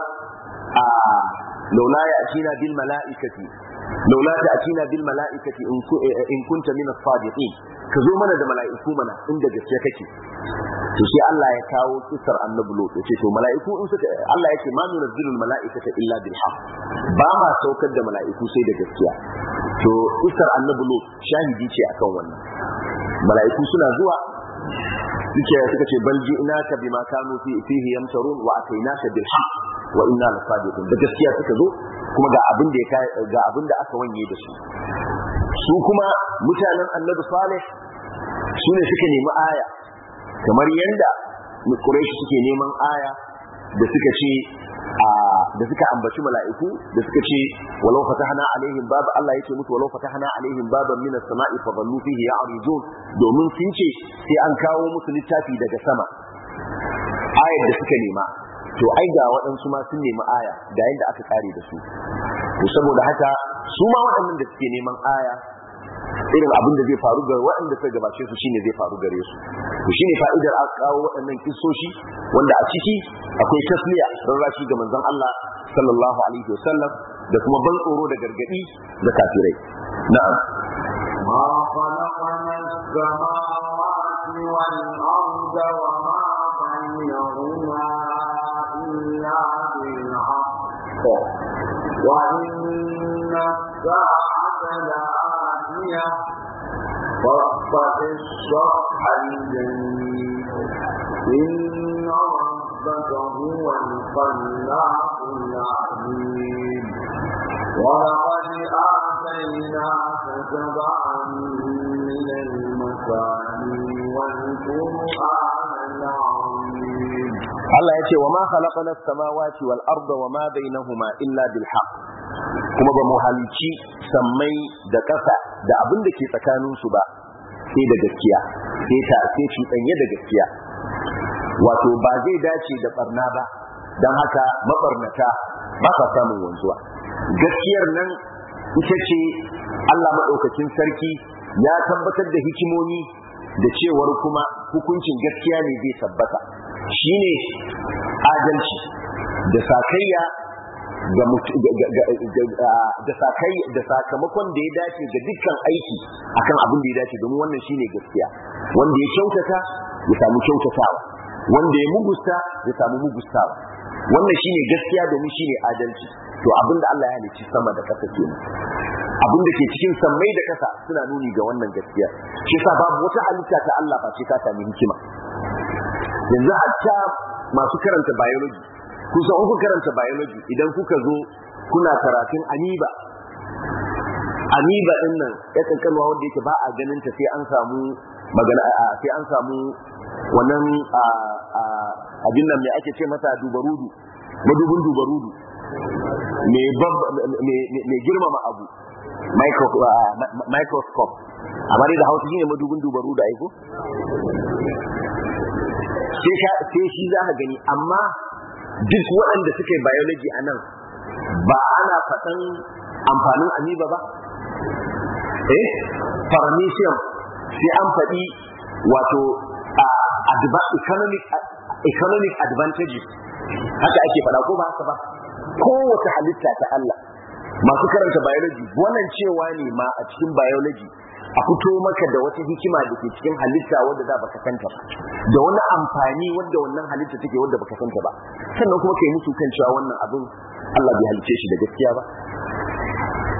a laula ya ake bil mala'ikati laula ta atina bil mala'ikati in kunta min as-sadiqin ka zo mana da mala'iku mana inda gaske kake to sai Allah ya kawo kisar annabi lot to mala'iku in suka Allah yake ma nunazzilul mala'ikata illa bil ba ma saukar da mala'iku sai da gaskiya to kisar annabi lot shahidi ce akan wannan mala'iku suna zuwa suka ce bal ji'naka bima kanu fi fihi wa atainaka bil haqq wa inna lasadiqun da gaskiya suka zo kuma ga abin da ya ga abin da aka wanye da su su kuma mutanen annabi salih su ne suka nemi aya kamar yanda quraishi suke neman aya da suka ce da suka ambaci mala'iku da suka ce walau fatahna alaihim bab Allah yake mutu walau fatahna alaihim baban min as-sama'i fa dhallu fihi ya'rijun domin sun ce sai an kawo musu littafi daga sama ayar da suka nema to ai ga waɗansu ma sun nemi aya da yadda aka kare da su to saboda haka su ma waɗannan da suke neman aya irin abin da zai faru ga waɗanda suka gabace su shine zai faru gare su to shine fa'idar aka kawo waɗannan kissoshi wanda a ciki akwai tasliya rarrashi ga manzon Allah sallallahu alaihi wasallam da kuma ban tsoro da gargadi da kafirai na'am ma khalaqna as-samawati wal arda wa ma وإن الساعة لآتية فاصفح الصفح الجميل إن ربك هو الخلاق العليم ولقد آتيناك سبعا Allah ya ce wa ma khalaqana as-samawati wal arda wa ma bainahuma illa bil haqq kuma ba mu halici sammai da ƙasa da abin da ke tsakanin su ba sai da gaskiya sai ta sai shi danye da gaskiya wato ba zai dace da barna ba don haka mabarnata ba sa samun wanzuwa gaskiyar nan ita ce Allah maɗaukakin sarki ya tabbatar da hikimomi da cewar kuma hukuncin gaskiya ne zai tabbata shine adalci da sakayya da sakamakon da ya dace ga dukkan aiki akan abin da ya dace domin wannan shine gaskiya wanda ya kyautata ya samu kyautatawa wanda ya mugusta ya samu mugustawa wannan shine gaskiya domin shine adalci to abin da Allah ya halicci sama da kasa kenan abin da ke cikin sammai da ƙasa suna nuni ga wannan gaskiya shi yasa babu wata halitta ta Allah ce ta sami hikima yanzu a ta masu karanta biology kusa uku karanta biology idan kuka zo kuna karatun aniba aniba din nan ya kankanwa wanda yake ba a ganin ta sai an samu magana sai an samu wannan abin nan mai ake ce masa dubarudu madubin dubarudu mai girmama abu microscope a bari da hausa shine madubin dubarudu aiko sai shi za ka gani amma duk waɗanda suke biology a nan ba ana faɗan amfanin amiba ba eh paramecium sai an faɗi wato economic economic advantages haka ake faɗa ko ba haka ba kowace halitta ta Allah masu karanta biology wannan cewa ne ma a cikin biology a fito maka da wata hikima da ke cikin halitta wadda da baka santa ba da wani amfani wadda wannan halitta take wadda baka santa ba sannan kuma kai musu kan cewa wannan abin Allah bai halice shi da gaskiya ba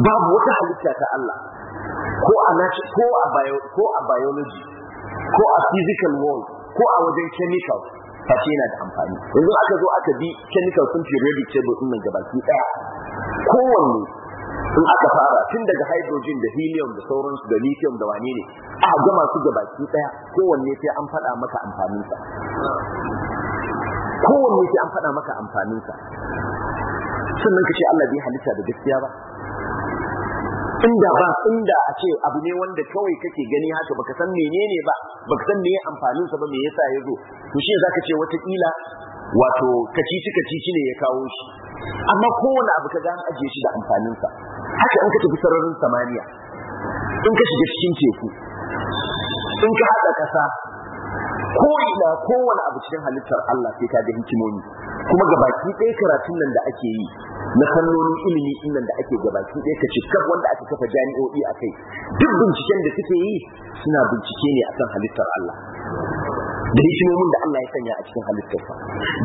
babu wata halitta ta Allah ko a ko a bio ko a biology ko a physical world ko a wajen chemical ce yana da amfani yanzu aka zo aka bi chemical sun periodic table din nan gabaki daya kowanne Sun aka fara tun daga hydrogen da helium da sauransu da lithium da wane ne a gama su gabaki daya kowanne sai an faɗa maka amfaninsa kowanne sai an faɗa maka amfaninsa sannan ka ce Allah bai halitta da gaskiya ba inda ba inda a ce abu ne wanda kawai kake gani haka baka san menene ba baka san meye amfanin sa ba me yasa ya zo to shi zaka ce wata kila wato kacici kacici ne ya kawo shi amma kowane abu ka an ajiye shi da amfaninsa haka in ka tafi sararin samaniya in ka shiga cikin teku in ka haɗa ƙasa ko ina kowane abu cikin halittar Allah sai ka ga hikimomi kuma gabaki ɗaya karatun nan da ake yi na fannonin ilimi nan da ake gabaki ɗaya ka kaf wanda aka kafa jami'o'i a kai duk binciken da suke yi suna bincike ne akan halittar Allah da hikimomin da Allah ya sanya a cikin halittarsa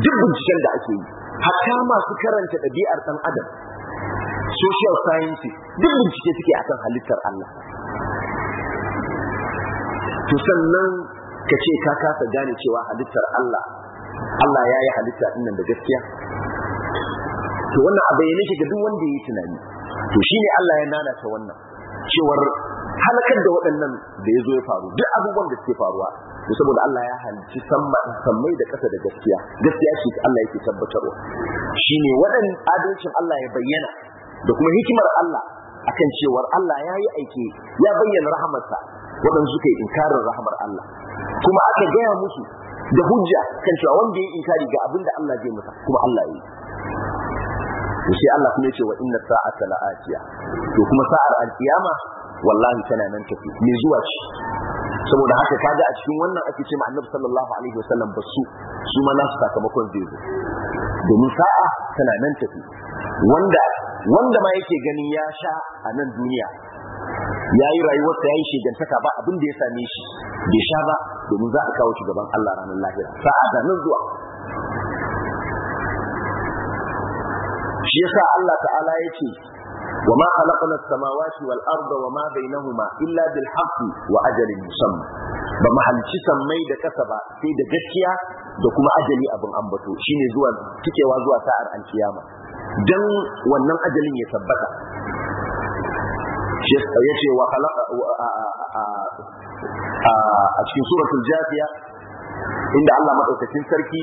duk binciken da ake yi hatta masu karanta ɗabi'ar ɗan adam social science duk bincike suke akan halittar Allah to sannan ka ce ka kasa gane cewa halittar Allah Allah ya yi halitta ɗinnan da gaskiya to wannan a bayyane shi ga duk wanda ya yi tunani to shine Allah ya ta wannan cewar halakar da waɗannan da ya zo ya faru duk abubuwan da suke faruwa saboda Allah ya halicci sammai da ƙasa da gaskiya gaskiya shi Allah yake tabbatarwa shine waɗannan adalcin Allah ya bayyana da kuma hikimar Allah akan cewar Allah ya yi aiki ya bayyana rahamarsa wadan suka yi inkarin rahamar Allah kuma aka gaya musu da hujja kan cewa wanda ya inkari ga abinda da Allah zai masa kuma Allah ya yi shi Allah kuma ya ce wa inna sa'ata la'atiya to kuma sa'ar alkiyama wallahi tana nan tafi me zuwa ce saboda haka kaga a cikin wannan ake ce annabi sallallahu alaihi wasallam ba su su ma nasu sakamakon zai zo domin sa'a tana nan tafi wanda wanda ma yake gani ya sha a nan duniya ya yi rayuwarsa ya yi shigantaka ba abin da ya same shi bai sha ba domin za a kawo shi gaban Allah ranar lahira sa'a da nan zuwa shi yasa Allah ta'ala ya ce wa ma khalaqna as-samawati wal arda wa ma bainahuma illa bil haqqi wa ajalin musamma ba mu halicci sammai da kasa ba sai da gaskiya da kuma ajali abin ambato shine zuwa tikewa zuwa sa'ar alkiyama dan wannan ajalin ya tabbata ya ce wa khalaqa a cikin suratul jafiya inda Allah madaukakin sarki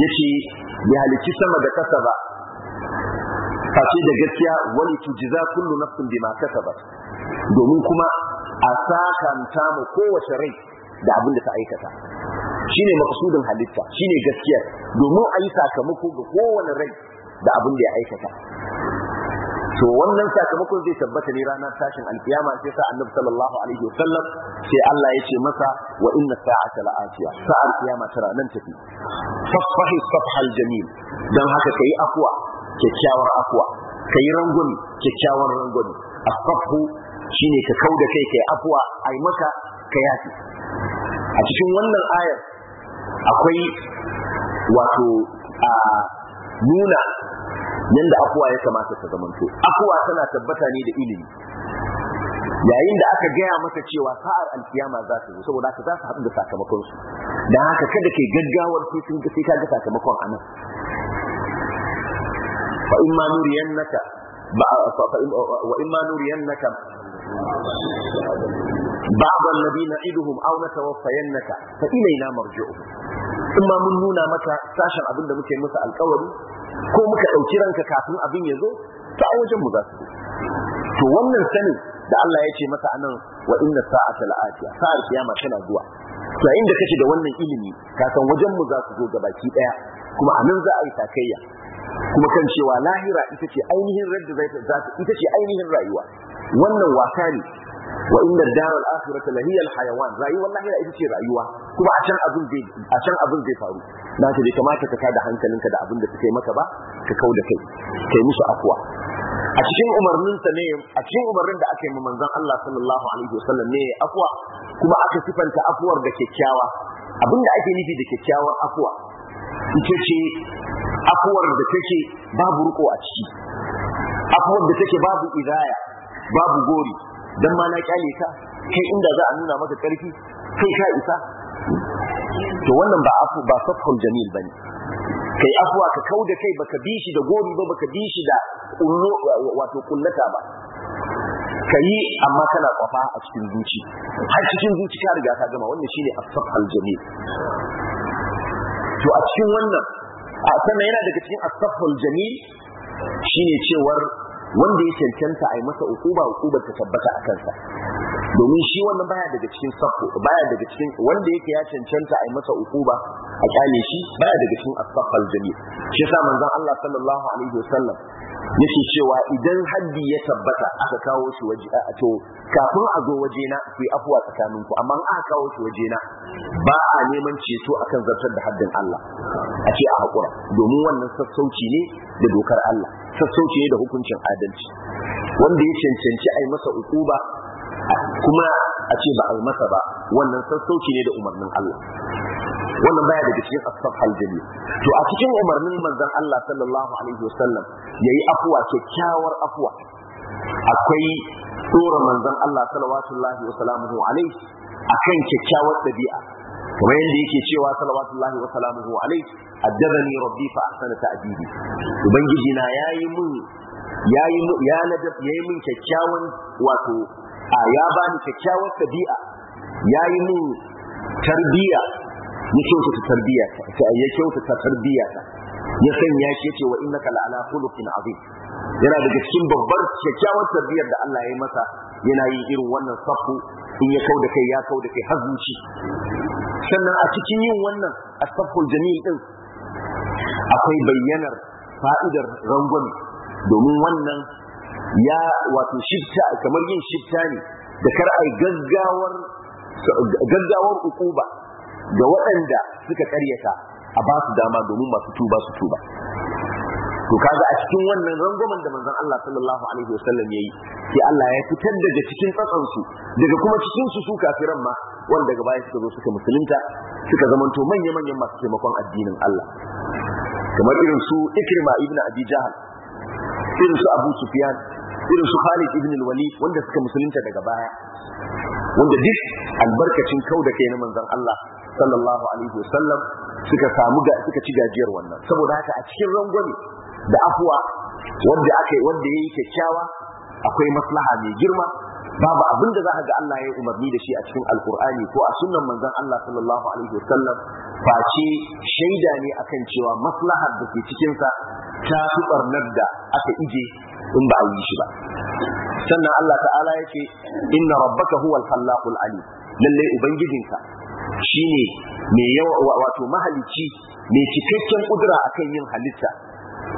yace ya halicci sama da kasa ba face da gaskiya wani tujiza kullu nafsin bima kasabat domin kuma a sakanta mu kowace rai da abin da ta aikata shine maqsudin halitta shine gaskiya domin a yi sakamako ga kowane rai da abin da ya aikata to wannan sakamakon zai tabbata ne ranar tashin alkiyama sai sa annabi sallallahu alaihi wasallam sai Allah ya ce masa wa inna sa'ata la'atiya sa'ar kiyama tana nan tafi fafahi safhal jamil dan haka kai afwa kyakkyawar afuwa ka yi rangwami kyakkyawar rangwami shi ne ka kau da kai kai a ai maka ka yafi a cikin wannan ayar akwai wato a nuna yadda afuwa ya kamata ta zamanto afuwa tana tabbata ne da ilimi yayin da aka gaya maka cewa sa'ar alkiyama za su zo saboda haka za su haɗu da sakamakonsu su haka kada ke gaggawar sai sai ka ga sakamakon a nan fa in ma nuriyannaka wa in ma nuriyannaka بعض الذين نعدهم او نتوفينك فالينا مرجعهم in ma mun nuna maka sashen abin da muke masa alkawari ko muka ɗauki ranka kafin abin ya zo ta a wajen za su to wannan sanin da Allah ya ce masa anan wa inna sa'ata la'atiya sa'ar kiyama tana zuwa to yayin da kake da wannan ilimi ka san wajen mu za su zo gabaki ɗaya, kuma anan za a yi takayya kuma kan cewa lahira ita ce ainihin radda zai ta ita ce ainihin rayuwa wannan wasa ne wa inda daral akhirata la hiya al hayawan rayuwar lahira ita ce rayuwa kuma a can abin zai a can abin zai faru na ta bai kamata ka kada hankalinka da abin da suka yi maka ba ka kauda kai kai musu afwa a cikin umarnin sa ne a cikin umarnin da aka yi manzon Allah sallallahu alaihi wasallam ne afwa kuma aka sifanta afwar da kyakkyawa abin da ake nufi da kyakkyawar afwa ita ce afuwar da take babu riko a ciki afuwar da take babu izaya babu gori dan ma na kyale ka kai inda za a nuna maka karfi kai ka isa to wannan ba afu ba safhul jamil bane kai afuwa ka kau da kai baka bi da gori ba baka bi da kullo wato kullata ba kayi amma kana kwafa a cikin zuci har cikin zuci ka riga ka gama wannan shine as-safhul jamil to a cikin wannan a sannan yana daga cikin asaful jamil shine cewar wanda ya cancanta a yi masa ukuba ukubar ta tabbata a kansa domin shi wannan baya daga cikin safo baya daga cikin wanda yake ya cancanta a yi masa ukuba a kyale shi baya daga cikin asfafal jami shi yasa manzon Allah sallallahu alaihi wasallam yake cewa idan haddi ya tabbata aka kawo shi waje a to kafin a zo waje na ku yi afuwa tsakanin ku amma aka kawo shi waje na ba a neman ceto akan zartar da haddin Allah a ce a hakura domin wannan sassauci ne da dokar Allah sassauci ne da hukuncin adalci wanda ya cancanci a yi masa ukuba kuma a ce ba a masa ba wannan sassauci ne da umarnin Allah wannan baya daga cikin asfafal jami to a cikin umarnin manzan Allah sallallahu alaihi wasallam yi afuwa kyakkyawar afuwa akwai tsoron manzan Allah salawatullahi wa salamuhu a kan kyakkyawar ɗabi'a. kamar yadda yake cewa salawatullahi wa salamuhu alaihi addabani rabbi fa ahsana ta'dibi ubangiji na yayi mun yayi ya yayi mun kyakkyawan wato a ya bani kyakkyawar tabi'a ya yi min tarbiya ya kyautata tarbiya ta ya kyautata tarbiya ta ya sanya shi yace wa innaka la'ala khuluqin azim yana daga cikin babbar kyakkyawar tarbiyar da Allah ya yi masa yana yi irin wannan safu in ya kau da kai ya kau da kai har zuci sannan a cikin yin wannan asfaful jamil din akwai bayyanar fa'idar rangwame domin wannan ya wato shifta kamar yin shifta ne da kar a gaggawar gaggawar ukuba ga waɗanda suka karyata a ba su dama domin masu tuba su tuba to kaga a cikin wannan rangwamen da manzon Allah sallallahu alaihi wasallam yayi sai Allah ya fitar daga cikin tsatsan su daga kuma cikin su su kafiran ma wanda daga baya suka zo suka musulunta suka zamanto manya manyan masu taimakon addinin Allah kamar irin su Ikrima ibn Abi Jahal irin su Abu Sufyan irin su Khalid ibn al wali wanda suka musulunta daga baya wanda duk albarkacin kau da kai na manzon Allah sallallahu alaihi wasallam suka samu ga suka ci gajiyar wannan saboda haka a cikin rangwame da afuwa wanda aka wanda yayi kyakkyawa akwai maslaha mai girma babu abin da za ka ga Allah ya umarni da shi a cikin alkur'ani ko a sunnan manzon Allah sallallahu alaihi wasallam face shaida ne akan cewa maslahar da ke cikin sa ta fi barnar da aka ije in ba a yi shi ba sannan Allah ta'ala ya ce inna rabbaka huwal khallaqul alim lalle ubangijinka shine mai yawa wato mahalici mai cikakken kudura akan yin halitta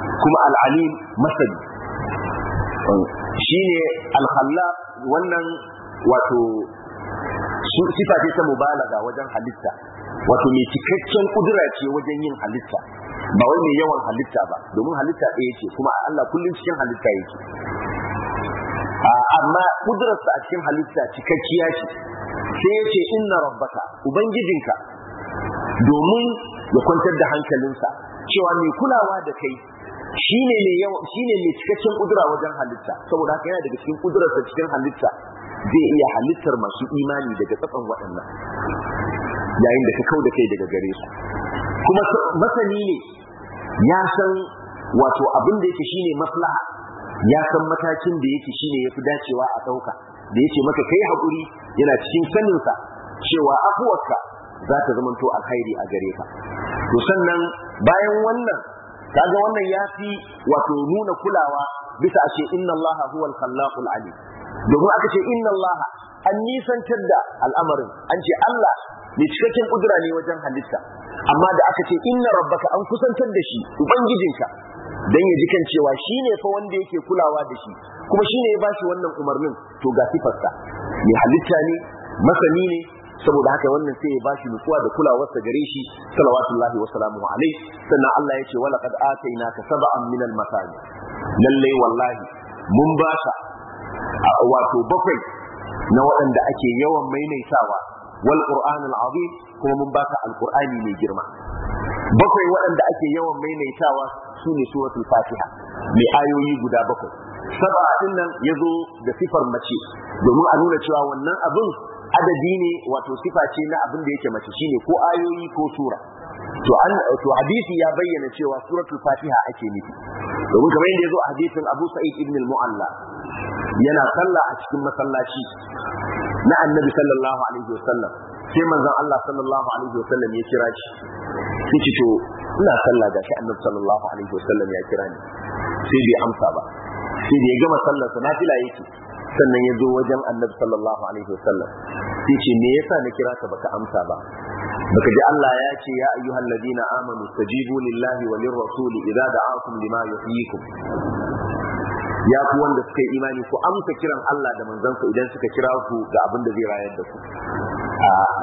kuma al al'alim masani um, shine al-khallaq wannan wato sifa ce ta mubalaga wajen halitta wato mai cikakken kudura ce wajen yin halitta ba wai mai yawan halitta ba domin halitta ɗaya ce kuma Allah kullum cikin halitta yake amma kudurarsa a cikin halitta cikakkiya ce sai ya ce inna rabbaka ubangijinka domin ya kwantar da hankalinsa cewa mai kulawa da kai shine mai mai cikakken kudura wajen halitta saboda haka yana daga cikin kudurarsa cikin halitta zai iya halittar masu imani daga tsatsan waɗannan yayin da ka kau da kai daga gare su kuma masani ne ya san wato abin da yake shine maslaha ya san matakin da yake shine yafi dacewa a dauka da yake maka kai hakuri yana cikin sanin sa cewa afuwarka za ta zama zamanto alkhairi a gare ka to sannan bayan wannan kaga wannan ya fi wato nuna kulawa bisa a ce inna allaha huwal khallaqul alim domin aka ce inna allaha an nisantar da al'amarin an ce Allah ne cikakken kudura ne wajen halitta amma da aka ce inna rabbaka an kusantar da shi ubangijinka dan ya ji kan cewa shine fa wanda yake kulawa da shi kuma shine ya bashi wannan umarnin to ga sifarsa mai halitta ne masani ne saboda haka wannan sai ya bashi nutsuwa da kulawarsa gare shi salawatullahi wa salamu alai sannan Allah ya ce wala qad atainaka sab'an min al masani lalle wallahi mun ba ka wato bakwai na waɗanda ake yawan maimaitawa wal qur'an al azim kuma mun baka al qur'ani mai girma bakwai waɗanda ake yawan maimaitawa su ne suratul fatiha mai ayoyi guda bakwai saba din nan yazo da sifar mace domin a nuna cewa wannan abin adadi ne wato sifa ce na abin da yake mace shine ko ayoyi ko sura to an to hadisi ya bayyana cewa suratul fatiha ake nufi domin kamar yadda yazo a hadisin Abu Sa'id ibn al-Mu'alla yana sallah a cikin masallaci na annabi sallallahu alaihi wasallam sai manzon Allah sallallahu alaihi wasallam ya kira shi sai ce to ina sallah gashi annabi sallallahu alaihi wasallam ya kira ni sai bai amsa ba sai da ya gama sallar sa nafila yake sannan ya zo wajen annabi sallallahu alaihi wasallam sai ce me yasa na kira ka baka amsa ba baka ji Allah ya ce ya ayyuhal ladina amanu tajibu lillahi wa lirrasuli idza da'akum lima yuhyikum ya ku wanda suka yi imani ku amsa kiran Allah da manzansa idan suka kira ku ga abin da zai rayar da ku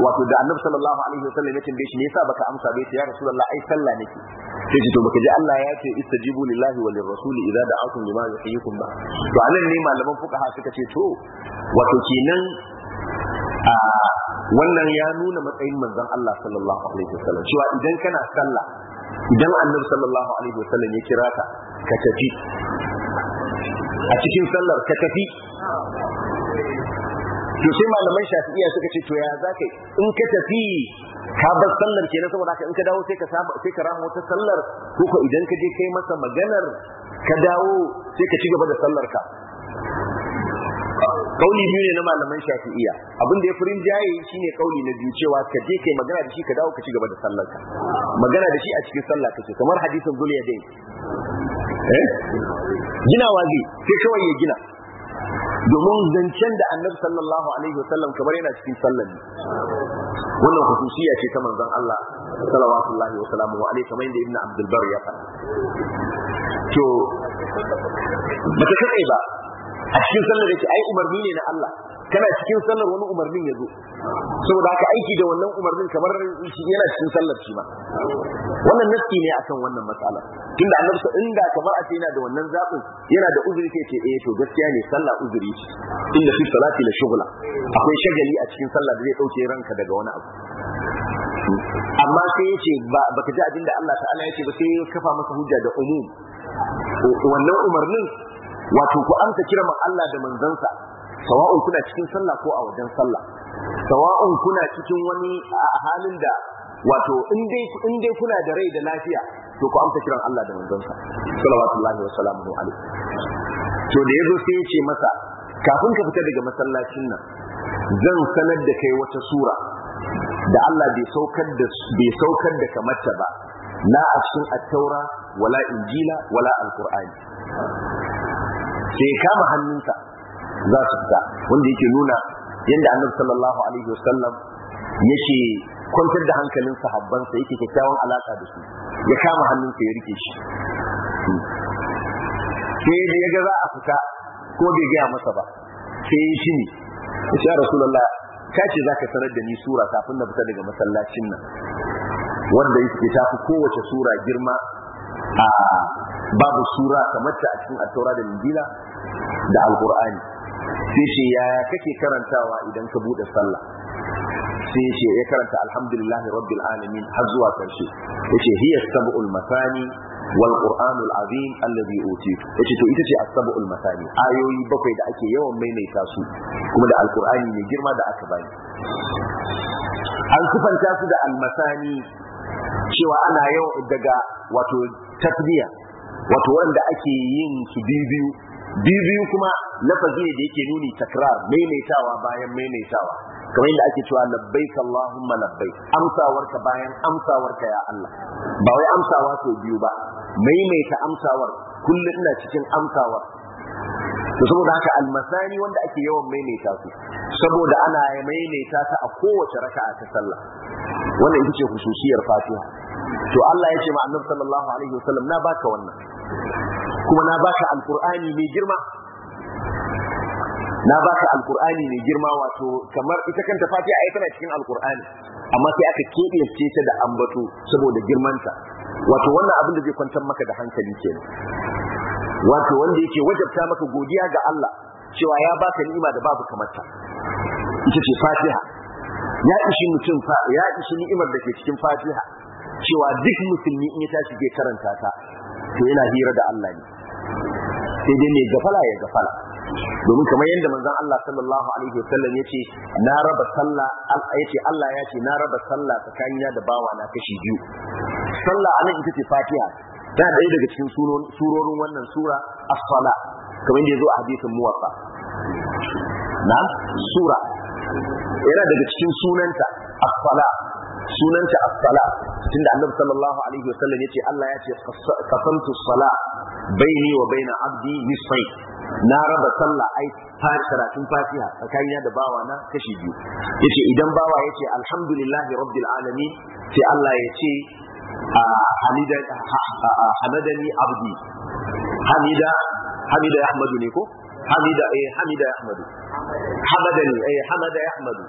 wato da annabi sallallahu alaihi wasallam yake bai shi ne yasa baka amsa bai ce ya rasulullah ai sallah nake sai ce to baka ji Allah ya ce istajibu lillahi wa lirrasuli idza da'akum lima yuhyikum ba to anan ne malaman fuqaha suka ce to wato kenan a wannan ya nuna matsayin manzon Allah sallallahu alaihi wasallam cewa idan kana sallah idan annabi sallallahu alaihi wasallam ya kira ka ka tafi a cikin sallar ka tafi to sai malaman shafi'iya suka ce to ya za ka in ka tafi ka bar sallar kenan saboda ka in ka dawo sai ka sai ka rama wata sallar ko ko idan ka je kai masa maganar ka dawo sai ka ci gaba da sallar ka kauli biyu ne na malaman shafi'iya abin da ya furin jaye shine kauli na biyu cewa ka je kai magana da shi ka dawo ka ci gaba da sallar ka magana da shi a cikin sallah ce, kamar hadisin zuliyadain eh ginawa zai sai kawai ya gina domin zancen da annabi sallallahu alaihi wasallam kamar yana cikin sallan ne wannan hususiya ce ta manzon Allah sallallahu wa sallamu alaihi kamar yadda ibnu abdul bar ya faɗa to ta kai ba a cikin sallar da ce ai umarni ne na Allah kana cikin sallar wani umarnin ya zo saboda haka aiki da wannan umarnin kamar yana cikin sallar shi ma wannan nasti ne akan wannan matsala tunda annabi sa inda kamar a ce yana da wannan zabin yana da uzuri ke ce eh to gaskiya ne sallah uzuri ce inda fi salati la shughla akwai shagali a cikin sallah da zai dauke ranka daga wani abu amma sai ya ce ba ka ji abin da Allah ta'ala ya ce ba sai ya kafa masa hujja da umum wannan umarnin wato ku amsa kiran Allah da manzansa sawa'un kuna cikin sallah ko a wajen sallah sawa'un kuna cikin wani halin da wato in dai kuna da rai da lafiya to ku amsa kiran Allah da manzonsa sallallahu wa sallam to da yazo sai ya ce masa kafin ka fita daga masallacin nan zan sanar da kai wata sura da Allah bai saukar da bai saukar da ba na a cikin at-taura wala injila wala al-qur'ani sai kama hannunka za su fita wanda yake nuna yadda annabi sallallahu alaihi wasallam yake kwantar da hankalin sahabbansa yake kyakkyawan alaka da su ya kama hannunsa ya rike shi sai da ya ga za a fita ko bai gaya masa ba sai shi ne ya ce rasulullah ka ce za ka sanar da ni sura kafin na fita daga masallacin nan wanda yake ta fi kowace sura girma a babu sura kamar ta a cikin attaura da linjila da alkur'ani sai ce yaya kake karantawa idan ka bude sallah sai ce ya karanta alhamdulillahi rabbil alamin har zuwa karshe yace hiya sab'ul masani wal qur'anul azim alladhi utitu yace to ita ce as-sab'ul masani ayoyi bakwai da ake yawan maimaita su kuma da alqur'ani mai girma da aka bani an kufanta su da al-masani cewa ana yawan daga wato tasbiya wato wanda ake yin su biyu biyu kuma lafazi ne da yake nuni takrar maimaitawa bayan maimaitawa kamar yadda ake cewa labbaik Allahumma labbaik amsawarka bayan amsawarka ya Allah ba wai amsawa to biyu ba maimaita amsawar kullum ina cikin amsawar to saboda haka almasani wanda ake yawan maimaita su saboda ana maimaita ta a kowace raka'a ta sallah wannan ita ce hususiyar fatiha to Allah ya ce ma annabi sallallahu alaihi wasallam na baka wannan kuma na baka alkur'ani mai girma na baka alkur'ani mai girma wato kamar ita kanta fatiha ai tana cikin alkur'ani amma sai aka keɓe ta da ambato saboda girmanta wato wannan abin da zai kwantar maka da hankali kenan wato wanda yake wajabta maka godiya ga Allah cewa ya baka ni'ima da babu kamarta ita ce fatiha ya ishi mutum ya ishi ni'imar da ke cikin fatiha cewa duk musulmi in ya tashi zai karanta ta to yana hira da Allah ne sai dai mai gafala ya gafala domin kamar yadda manzon Allah sallallahu alaihi wasallam yace na raba sallah yace Allah ya ce na raba sallah tsakanina da bawa na kashi biyu sallah anan ita ce fatiha ta ɗaya daga cikin surorin wannan sura as-sala kamar yadda yazo a hadisin muwaffa na sura yana daga cikin sunanta as-sala sunanta as-sala tunda annabi sallallahu alaihi wa wasallam yace Allah ya ce qasamtu as-sala baini wa baina abdi nisfain na raba sallah ai karatun fatiha tsakanina da bawa na kashi biyu yace idan bawa yace alhamdulillahi rabbil alamin sai Allah ya ce hamadani abdi hamida hamida ahmadu ne ko hamida eh hamida ahmadu hamadani eh hamada ahmadu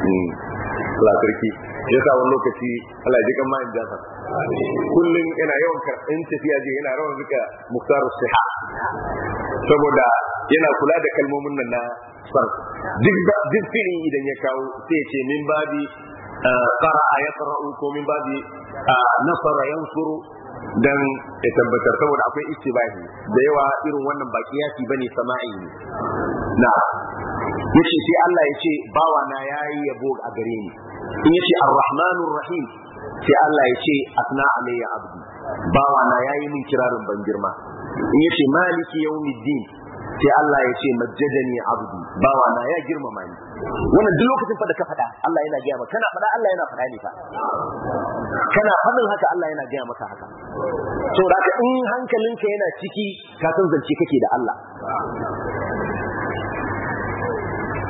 hmm. Allah sarki ya sa wani lokaci Allah ya ji kan jasa kullum yana yawan karɓin tafiya je yana rawan zuka muktar siha saboda yana kula da kalmomin nan na san duk fili idan ya kawo sai ya ce min babi qara'a eh, yaqra'u ko min babi eh, nasara yansuru dan ya tabbatar saboda akwai istibahi da yawa irin wannan ba kiyasi bane sama'i ne na yace sai Allah ya ce bawa na yayi yabo a gare ni in yace arrahmanur rahim sai Allah yace ce asna alayya abdi bawa na yayi min kirarin ban girma in yace maliki yawmiddin sai Allah ya ce majjadani abdu bawa na ya girmama ni wannan duk lokacin fa da ka faɗa Allah yana gaya maka kana faɗa Allah yana faɗa ne fa kana faɗin haka Allah yana gaya maka haka to da in hankalinka yana ciki ka san zance kake da Allah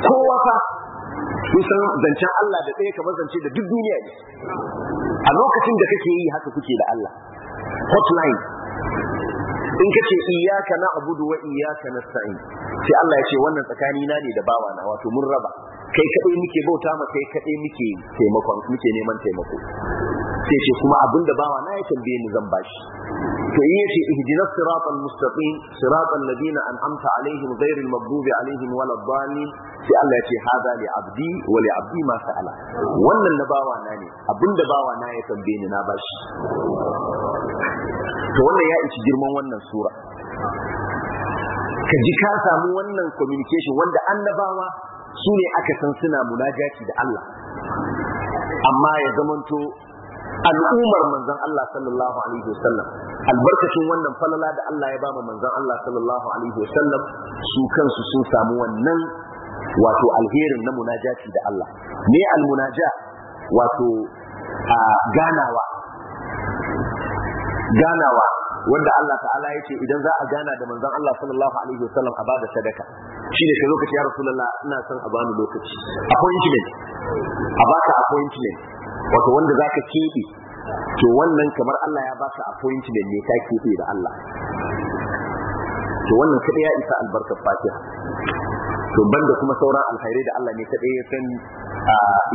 kowa fa san zancen Allah da tsaye kamar zance da duk duniya ne a lokacin da kake yi haka kuke da Allah hotline in ka ce iyaka na abudu wa iyaka na sa'in sai Allah ya ce wannan tsakani na ne da bawa na wato mun raba kai kadai muke bauta ma kai kadai muke taimakon muke neman taimako sai ce kuma abin da bawa na ya tambaye ni zan bashi to in yace ihdinas siratal mustaqim siratal ladina an'amta alaihim ghairil maghdubi alaihim waladdallin sai Allah ya ce hada li abdi wa li abdi ma sa'ala wannan na bawa na ne abin da bawa na ya tambaye ni na bashi to wannan ya ishi girman wannan sura ka ji ka samu wannan communication wanda annabawa su ne aka san suna munajati da Allah amma ya zamanto al'ummar manzon Allah sallallahu alaihi wasallam albarkacin wannan falala da Allah ya bama manzon Allah sallallahu alaihi wasallam su kansu sun samu wannan wato alherin na munajati da Allah me almunaja wato a ganawa ganawa wanda Allah ta'ala ya ce idan za a gana da manzon Allah sallallahu alaihi wasallam a bada sadaka shi ne ka lokaci ya rasulullah ina son a bani lokaci appointment a baka appointment wato wanda zaka keɓe to wannan kamar Allah ya baka appointment ne ka keɓe da Allah to wannan kada ya isa albarkar fatiha to banda kuma sauran alkhairai da Allah ne kadai ya san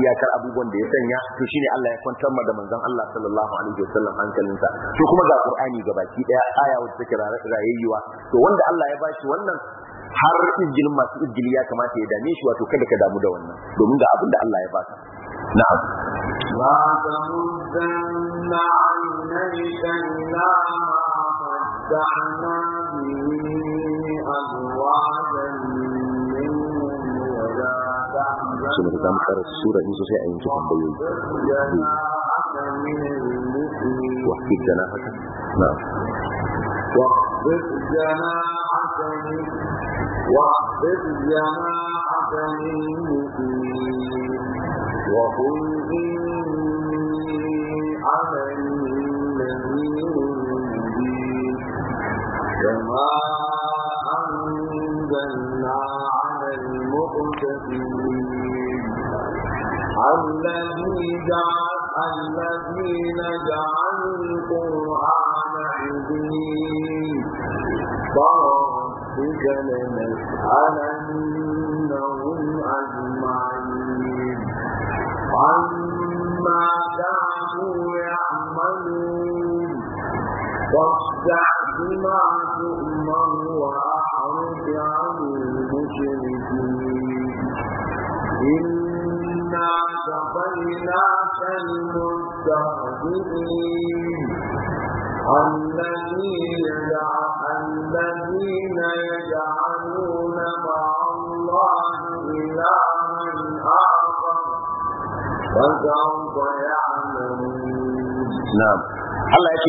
iyakar abubuwan da ya sanya to shine Allah ya kwantar ma da manzon Allah sallallahu alaihi wasallam hankalinsa to kuma ga Qur'ani gabaki daya aya wacce take rayayyuwa to wanda Allah ya bashi wannan har izgilin masu izgili ya kamata ya dame shi wato kada ka damu da wannan domin ga abin da Allah ya baka na'am wa tamuddanna aynaka ila ma bi azwajin ce mata za mu kara sura in sosai a yanki tambayoyi واحفظ جناحك نعم واحفظ جناحك واحفظ جناحك للمؤمنين وقل إني عليهم نذير مبين كما الذي جعل الذين جعلوا القرآن عزيز فربك لنسألنهم أجمعين عما كانوا يعملون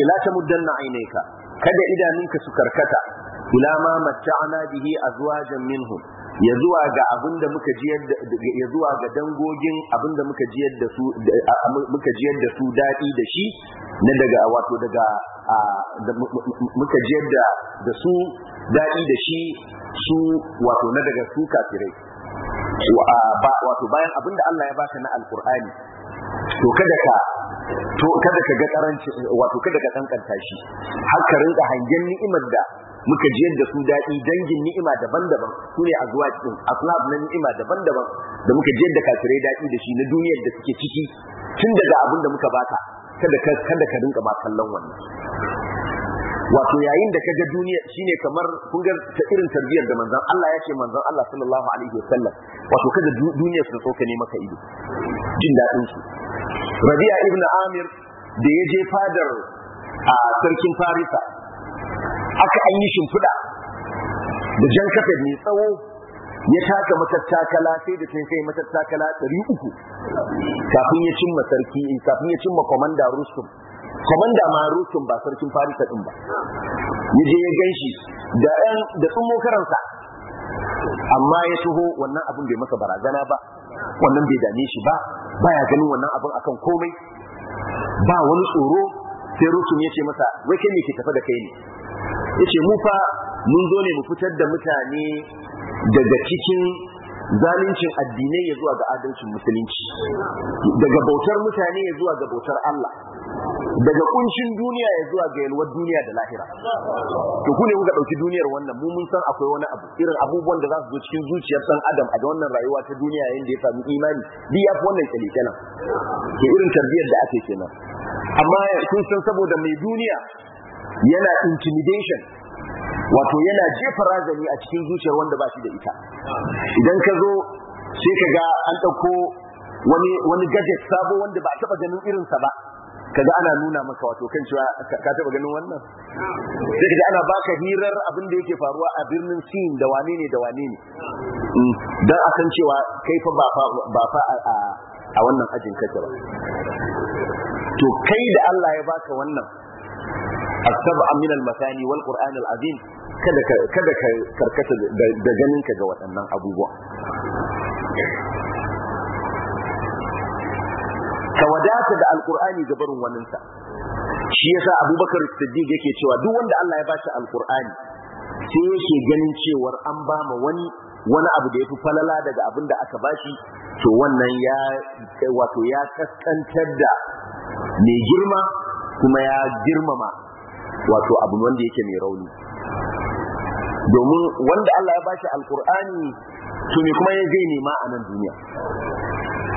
ce la ta muddan na aynayka kada idanunka su karkata ila ma matta'na bihi azwajan minhum ya zuwa ga abin da muka jiyar da ya zuwa ga dangogin abin da muka jiyar da su muka jiyar da su dadi da shi na daga wato daga muka jiyar da da su dadi da shi su wato na daga su kafirai wato bayan abin da Allah ya baka na alqur'ani to kada ka to kada ka ga karanci wato kada ka kankanta shi har ka rinka hangen ni'imar da muka ji yadda su daɗi dangin ni'ima daban-daban su ne a zuwa cikin asnaf na ni'ima daban-daban da muka ji yadda kafirai daɗi da shi na duniyar da suke ciki tun daga abin da muka baka kada ka kada ka rinka ba kallon wannan wato yayin da kaga duniya shine kamar kun ga ta irin tarbiyyar da manzon Allah ya ce manzon Allah sallallahu alaihi wasallam wato kada duniya su tsoka ne maka ido jin daɗin su rabi'a ibn amir da ya je fadar a sarkin farisa aka an yi shimfiɗa da jan kafa mai tsawo ya taka matattakala sai da sai sai matattakala ɗari uku kafin ya cimma sarki kafin ya cimma komanda rusum komanda ma rusum ba sarkin farisa ɗin ba ya je ya ganshi da ɗan da tsumo karansa amma ya shigo wannan abin bai masa barazana ba wannan bai dame shi ba baya ganin wannan abin akan komai ba wani tsoro sai rukun ya ce masa wai kai ne ke tafa da kai ne ya ce mu fa mun zo ne mu fitar da mutane daga cikin zaluncin addinai ya zuwa ga adalcin musulunci daga bautar mutane ya zuwa ga bautar Allah daga kuncin duniya ya zuwa ga yalwar duniya da lahira to ku ne kuka dauki duniyar wannan mu mun san akwai wani abu irin abubuwan da za su zo cikin zuciyar san adam a ga wannan rayuwa ta duniya yayin da ya samu imani Bi ya fi wannan kali kenan ke irin tarbiyyar da ake kenan amma kun san saboda mai duniya yana intimidation wato yana jefa razani a cikin zuciyar wanda ba shi da ita idan ka zo sai ka ga an dauko wani gadget sabo wanda ba a taɓa ganin irinsa ba kaga ana nuna maka wato kan cewa ka taba ganin wannan sai kaga ana baka hirar abin da yake faruwa a birnin sin da wane ne da wane ne mm. dan akan cewa kai fa ba fa ba a wannan ajin kake ba to kai da Allah ya baka wannan Asab saba min al-masani wal qur'an al-azim kada kada ka karkata da ganin ka ga waɗannan abubuwa ka wadata da alkur'ani ga barin wannan sa, shi yasa abubakar siddiq yake cewa duk wanda Allah ya bashi alkur'ani sai yake ganin cewar an ba mu wani wani abu da yafi falala daga abin da aka bashi to wannan ya wato ya kaskantar da mai girma kuma ya girmama wato abu wanda yake mai rauni domin wanda Allah ya bashi alkur'ani to ne kuma ya zai nema a nan duniya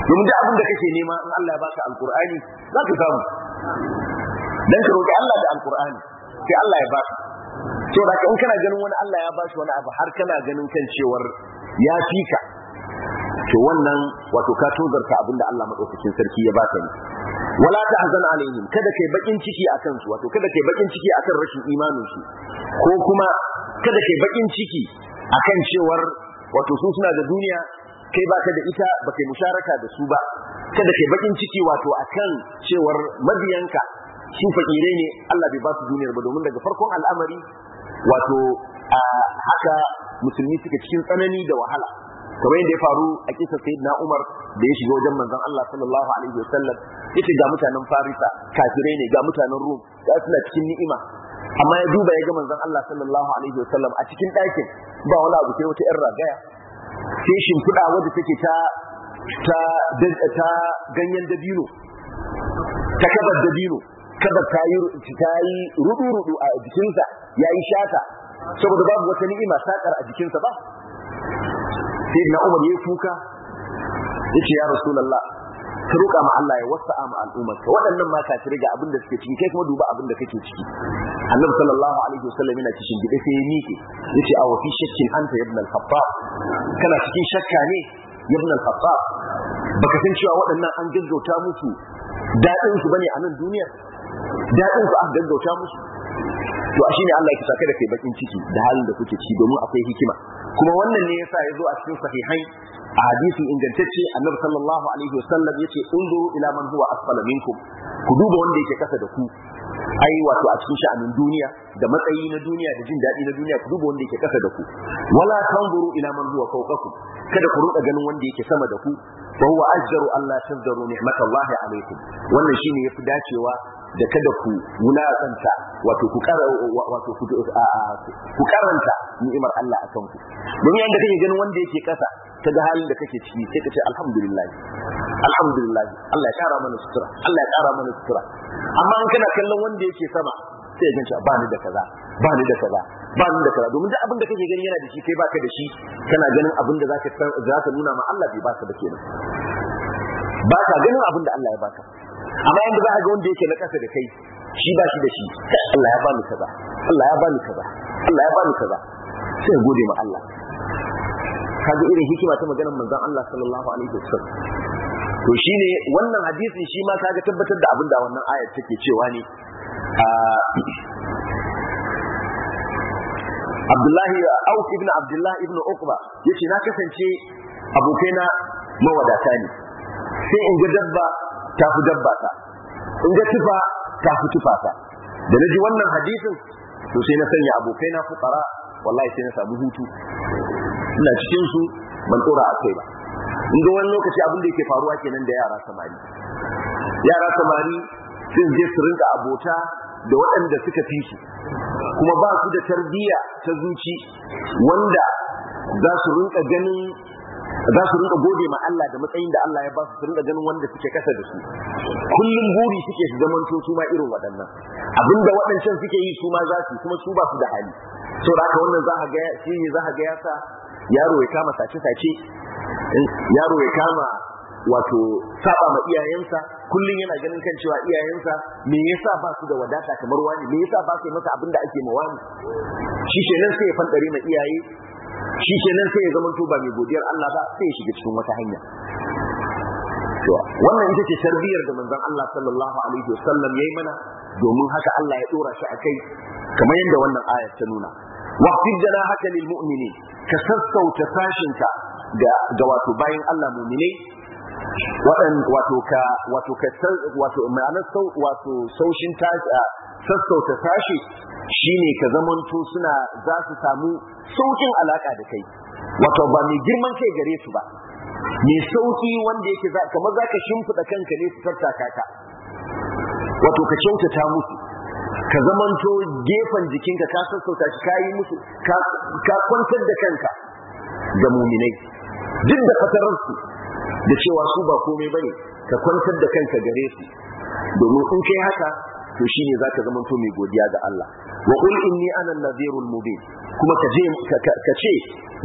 domin duk abin da kake nema in Allah ya baka alkur'ani za ka samu dan ka roki Allah da alkur'ani sai Allah ya baka to da in kana ganin wani Allah ya bashi wani abu har kana ganin kan cewar ya ka. to wannan wato ka tozarta abin da Allah madaukakin sarki ya baka ne wala ta tahzan alaihim kada kai bakin ciki akan su wato kada kai bakin ciki akan rashin imanin su ko kuma kada kai bakin ciki akan cewar wato su suna da duniya kai baka da ita ba kai musharaka da su ba kada kai bakin ciki wato akan cewar mabiyanka su fakire ne Allah bai ba su duniyar ba domin daga farkon al'amari wato haka musulmi suke cikin tsanani da wahala kamar yadda ya faru a kisa sayyidina Umar da ya shiga wajen manzon Allah sallallahu alaihi wasallam yace ga mutanen Farisa kafire ne ga mutanen Rum ga suna cikin ni'ima amma ya duba ya ga manzon Allah sallallahu alaihi wasallam a cikin ɗakin ba wani abu sai wata 'yan ragaya sai shimfiɗa wadda take ta ta ta ganyen dabino ta kabar dabino kabar ta yi rudu rudu a jikinsa ya yi shata saboda babu wata ni'ima sakar a jikinsa ba sai na umar ya kuka yace ya rasulullah ka roƙa ma Allah ya wasa'a ma al'ummar ka waɗannan ma ka ga abin da suke ciki kai kuma duba abin da kake ciki annabi sallallahu alaihi wasallam yana cikin gida sai ya miƙe yace a wafi shakkin anta ibn al kana cikin shakka ne ibn al-khattab baka san cewa waɗannan an gaggauta musu daɗin su bane a nan duniyar daɗin su an gaggauta musu to shine Allah ya saka da kai bakin ciki da halin da kuke ciki domin akwai hikima kuma wannan ne yasa ya zo a cikin sahihai a hadisi ingantacce annabi sallallahu alaihi wasallam yace unzuru ila man huwa asfala minkum ku duba wanda yake kasa da ku ai wato a cikin sha'anin duniya da matsayi na duniya da jin daɗi na duniya ku duba wanda yake kasa da ku wala tanzuru ila man huwa fawqakum kada ku ruka ganin wanda yake sama da ku fa huwa ajdaru alla tanzuru ni'matallahi alaikum wannan shine yafi dacewa da kada ku wulaƙanta wato ku ƙara wato ku karanta ni'imar Allah a kanku don yanda kake ganin wanda yake kasa ka ga halin da kake ciki sai ka ce alhamdulillah alhamdulillah Allah ya kara mana sutura Allah ya kara mana sutura amma in kana kallon wanda yake sama sai ya ganci ba ni da kaza ba ni da kaza ba ni da kaza domin duk abin da kake gani yana da shi kai baka da shi kana ganin abin da zaka zaka nuna ma Allah bai baka ba kenan ba ka ganin abin da Allah ya baka amma yanda za ka ga wanda yake na kasa da kai shi ba shi da shi Allah ya bani kaza Allah ya bani kaza Allah ya bani kaza sai gode ma Allah kaga irin hikima ta maganar manzon Allah sallallahu alaihi wasallam to shine wannan hadisin shi ma kaga tabbatar da abin da wannan ayat take cewa ne ah, Abdullahi Auf ibn Abdullah ibn Uqba yace na kasance abokaina mawadata ne sai in ga dabba ta fi dabba ta in ga tufa ta fi tufa ta da ji wannan hadisin to sai na sanya abokaina fuqara wallahi sai na samu hutu ina cikin su ban tsora a kai ba inda wani lokaci abin da yake faruwa kenan da yara samari yara samari sun je su rinka abota da waɗanda suka fi shi, kuma ba su da tarbiyya ta zuci wanda za su rinka ganin za su rinka gode ma Allah da matsayin da Allah ya ba su rinka ganin wanda suke kasa da su kullum buri suke su to su ma irin waɗannan abinda waɗancan suke yi su ma za su kuma su ba su da hali saboda haka wannan za ga shi ne za ga yasa yaro ya kama sace-sace yaro ya kama wato saba ma iyayensa kullum yana ganin kan cewa iyayensa me yasa ba su da wadata kamar wani me yasa ba su masa abin da ake ma wani shi kenan sai ya fandare ma iyaye shi kenan sai ya zama to ba mai godiyar Allah ba sai ya shiga cikin wata hanya wannan ita ce tarbiyyar da manzon Allah sallallahu alaihi wasallam yayi mana domin haka Allah ya dora shi akai kamar yadda wannan ayar ta nuna waqtil haka lil mu'minin ka sassauta sashinka ga wato bayan Allah muminai wato ka wato ka wato wato saushin sassauta sashi shine ka zamanto suna za su samu saukin alaka da kai wato ba mai girman kai gare su ba mai sauki wanda yake kamar za ka shimfiɗa kanka ne su tattaka kaka wato ka ta musu ka zamanto gefen jikinka ka sassauta shi ka yi musu ka kwantar da kanka ga muminai duk da fatararsu da cewa su ba komai bane ka kwantar da kanka gare su domin in kai haka to shine zaka zamanto mai godiya ga Allah wa qul inni ana an-nadhirul mubin kuma ka je ka ce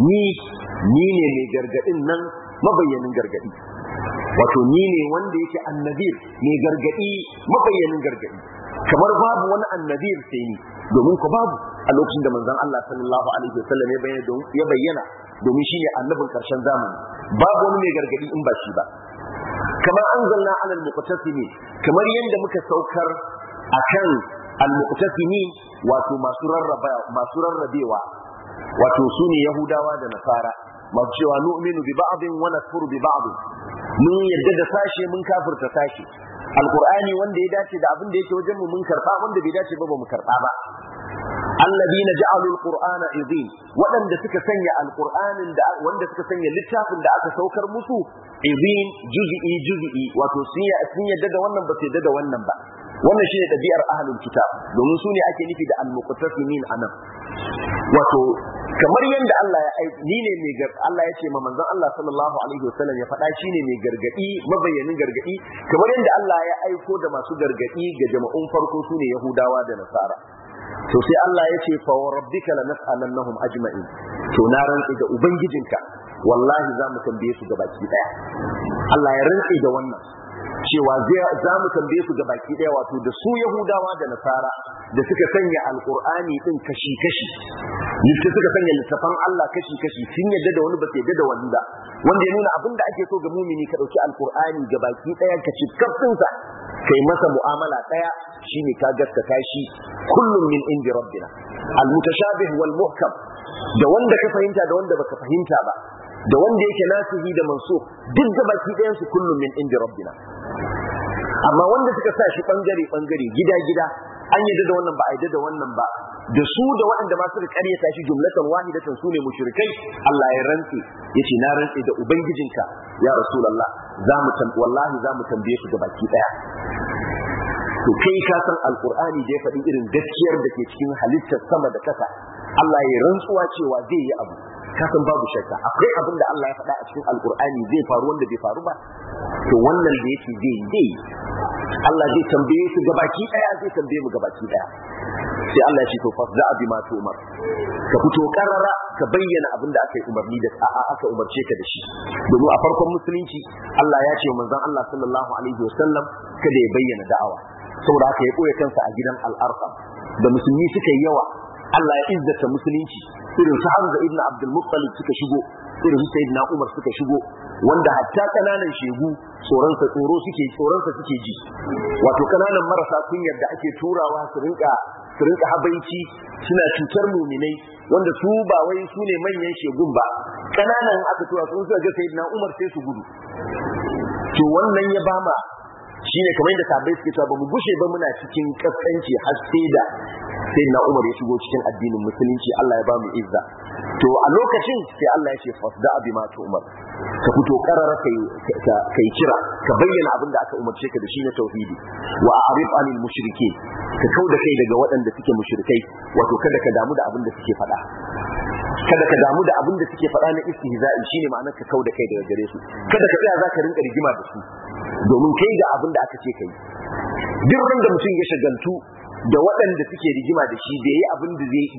ni ni ne mai gargadin nan mabayyanin gargadi wato ni ne wanda yake annabi mai gargadi mabayyanin gargadi kamar babu wani annabiyar sai ni domin ku babu a lokacin da manzon Allah sallallahu alaihi wasallam ya bayyana domin shi ya annabi annabin karshen zamani babu wani mai gargadi in ba shi ba kamar anzalna ala almuqtasimi kamar yanda muka saukar akan almuqtasimi wato masu rarraba masu rarrabewa wato sune yahudawa da nasara masu cewa nu'minu bi ba'din wa nakfuru bi ba'din mun yadda da sashe mun kafirta sashe alqur'ani wanda ya dace da abin da yake wajen mu mun karba wanda bai dace ba ba mu karba ba alladina ja'alul qur'ana idin waɗanda suka sanya alqur'anin da wanda suka sanya littafin da aka saukar musu idin juz'i juz'i wato sun yadda daga wannan ba sai daga da wannan ba wannan shine ɗabi'ar ahlul kitab domin su ne ake nufi da al a nan. wato kamar yadda Allah ya ni ne mai Allah ya ce ma manzon Allah sallallahu alaihi wasallam ya faɗa shine mai gargadi mabayyanin gargadi kamar yadda Allah ya aiko da masu gargadi ga jama'un farko su ne Yahudawa da Nasara to sai Allah ya ce fa rabbika lanas'alannahum ajma'in to na rantsi da ubangijinka wallahi za mu tambaye su gabaki daya Allah ya rantsi da wannan cewa za mu tambaye su ga baki ɗaya, wato da su yahudawa da nasara da suka sanya alkur'ani ɗin kashi kashi yadda suka sanya littafan Allah kashi kashi sun yadda da wani ba sai da wani ba wanda ya nuna abin da ake so ga mumini ka ɗauki alkur'ani ga baki ɗaya, ka ci kafinsa kai masa mu'amala ɗaya, shine ka gaskata shi kullum min indi rabbina al-mutashabih wal muhkam da wanda ka fahimta da wanda baka fahimta ba da wanda yake nasihi da mansu duk da baki ɗayan su kullum min inda rabbina amma wanda suka sa shi bangare bangare gida gida an yadda da wannan ba a yadda da wannan ba da su da waɗanda ma suka karyata shi jumlatan wahidatan su ne mushrikai Allah ya rantse yace na rantse da ubangijinka ya rasulullah za mu wallahi za mu tambaye su da baki ɗaya. to kai ka san alqur'ani da ya faɗi irin gaskiyar da ke cikin halittar sama da kasa Allah ya rantsuwa cewa zai yi abu kasan babu shakka akwai abin da Allah ya faɗa a cikin alkur'ani zai faru wanda bai faru ba to wannan da yake zai dai Allah zai tambaye su gabaki daya zai tambaye mu gabaki daya sai Allah ya ce to fasda bi ma umar ka fito karara ka bayyana abin da aka yi umarni da a'a aka umarce ka da shi domin a farkon musulunci Allah ya ce manzon Allah sallallahu alaihi wasallam kada ya bayyana da'awa saboda haka ya koya kansa a gidan al'arqam da musulmi suka yi yawa Allah ya izzata musulunci irin su hamza ibn abdul muttalib suka shigo irin sayyidina umar suka shigo wanda hatta kananan shegu tsoron sa tsoro suke tsoron sa suke ji wato kananan marasa kunyar da ake turawa su rinka su rinka habaici suna cutar muminai wanda su ba wai su ne manyan shegun ba kananan aka tura sun suka ga sayyidina umar sai su gudu to wannan ya bama shine kamar yadda sahabbai suke cewa bamu gushe ba muna cikin kaskanci har sai da sai na Umar ya shigo cikin addinin musulunci Allah ya ba mu izza to a lokacin sai Allah ya ce fasda abi ma ta Umar ka fito karara kai kai kira ka bayyana abin da aka umarce ka da shi na tauhidi wa a'rif anil mushrikeen ka da kai daga waɗanda suke mushrikai wato kada ka damu da abin da suke faɗa kada ka damu da abin da suke faɗa na istihza'i shine ma'anar ka kau da kai daga gare su kada ka tsaya zaka rinka rigima da su domin kai ga abin da aka ce kai duk da mutum ya shagaltu da waɗanda suke rigima da shi bai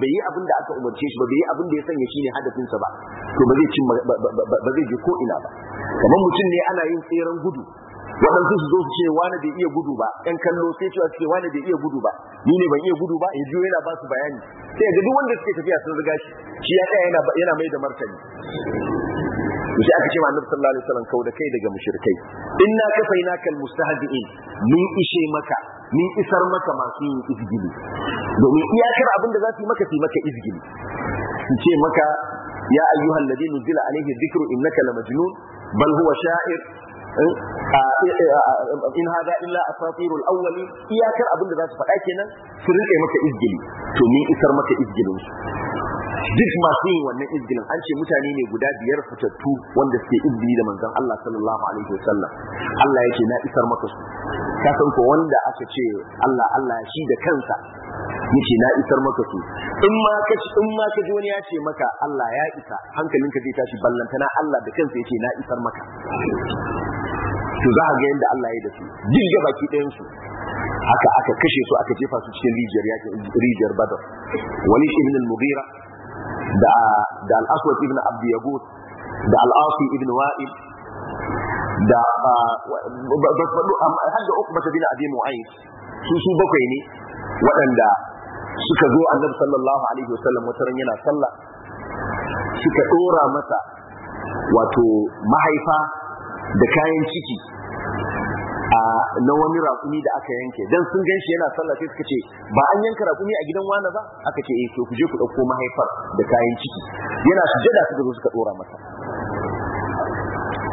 yi abin da aka umarce shi ba bai yi abin da ya sanya shi ne hadafinsa ba to ba zai je ko ina ba kamar mutum ne ana yin tseren gudu waɗansu su zo su ce wani bai iya gudu ba ƴan kallo sai cewa ce wani bai iya gudu ba ni ne ban iya gudu ba ya biyo yana ba su bayani sai ga duk wanda suke tafiya sun riga shi shi ya tsaya yana mai da martani sai aka ce ma annabi sallallahu alaihi wasallam kau da kai daga mushrikai inna kafainaka almustahzi'in mun ishe maka mun isar maka masu yin izgili domin iyakar abin da za su yi maka su maka izgili su ce maka ya ayyuhal ladina nuzila alaihi dhikru innaka lamajnun bal huwa sha'ir eh, eh, eh, in hada illa asatirul awwali iyakar abin da za su faɗa kenan su rinka maka izgili to mun isar maka izgilin su duk masu yin wannan izgilin an ce mutane ne guda biyar fitattu wanda suke izgili da manzon Allah sallallahu alaihi wasallam Allah yake na isar maka su ka san ko wanda aka ce Allah Allah shi da kansa ce na isar maka su in ma ka in ma ka ji wani ya ce maka Allah ya isa hankalinka zai tashi ballantana Allah da kansa ce na isar maka to za a ga yadda Allah ya da su duk ga baki ɗayan su haka aka kashe su aka jefa su cikin rijiyar yakin rijiyar badar wani ibn al-mughira da da al-aswad ibn abd yagut da al-asi ibn wa'id da har uku ukba bin abi mu'ayyid su su bakwai ne waɗanda suka zo annabi sallallahu alaihi wasallam ran yana sallah suka dora masa wato mahaifa da kayan ciki a na wani rakumi da aka yanke dan sun gan shi yana sallah sai suka ce ba an yanka rakumi a gidan wani ba aka ce eh to ku je ku dauko mahaifar da kayan ciki yana sujada suka zo suka dora masa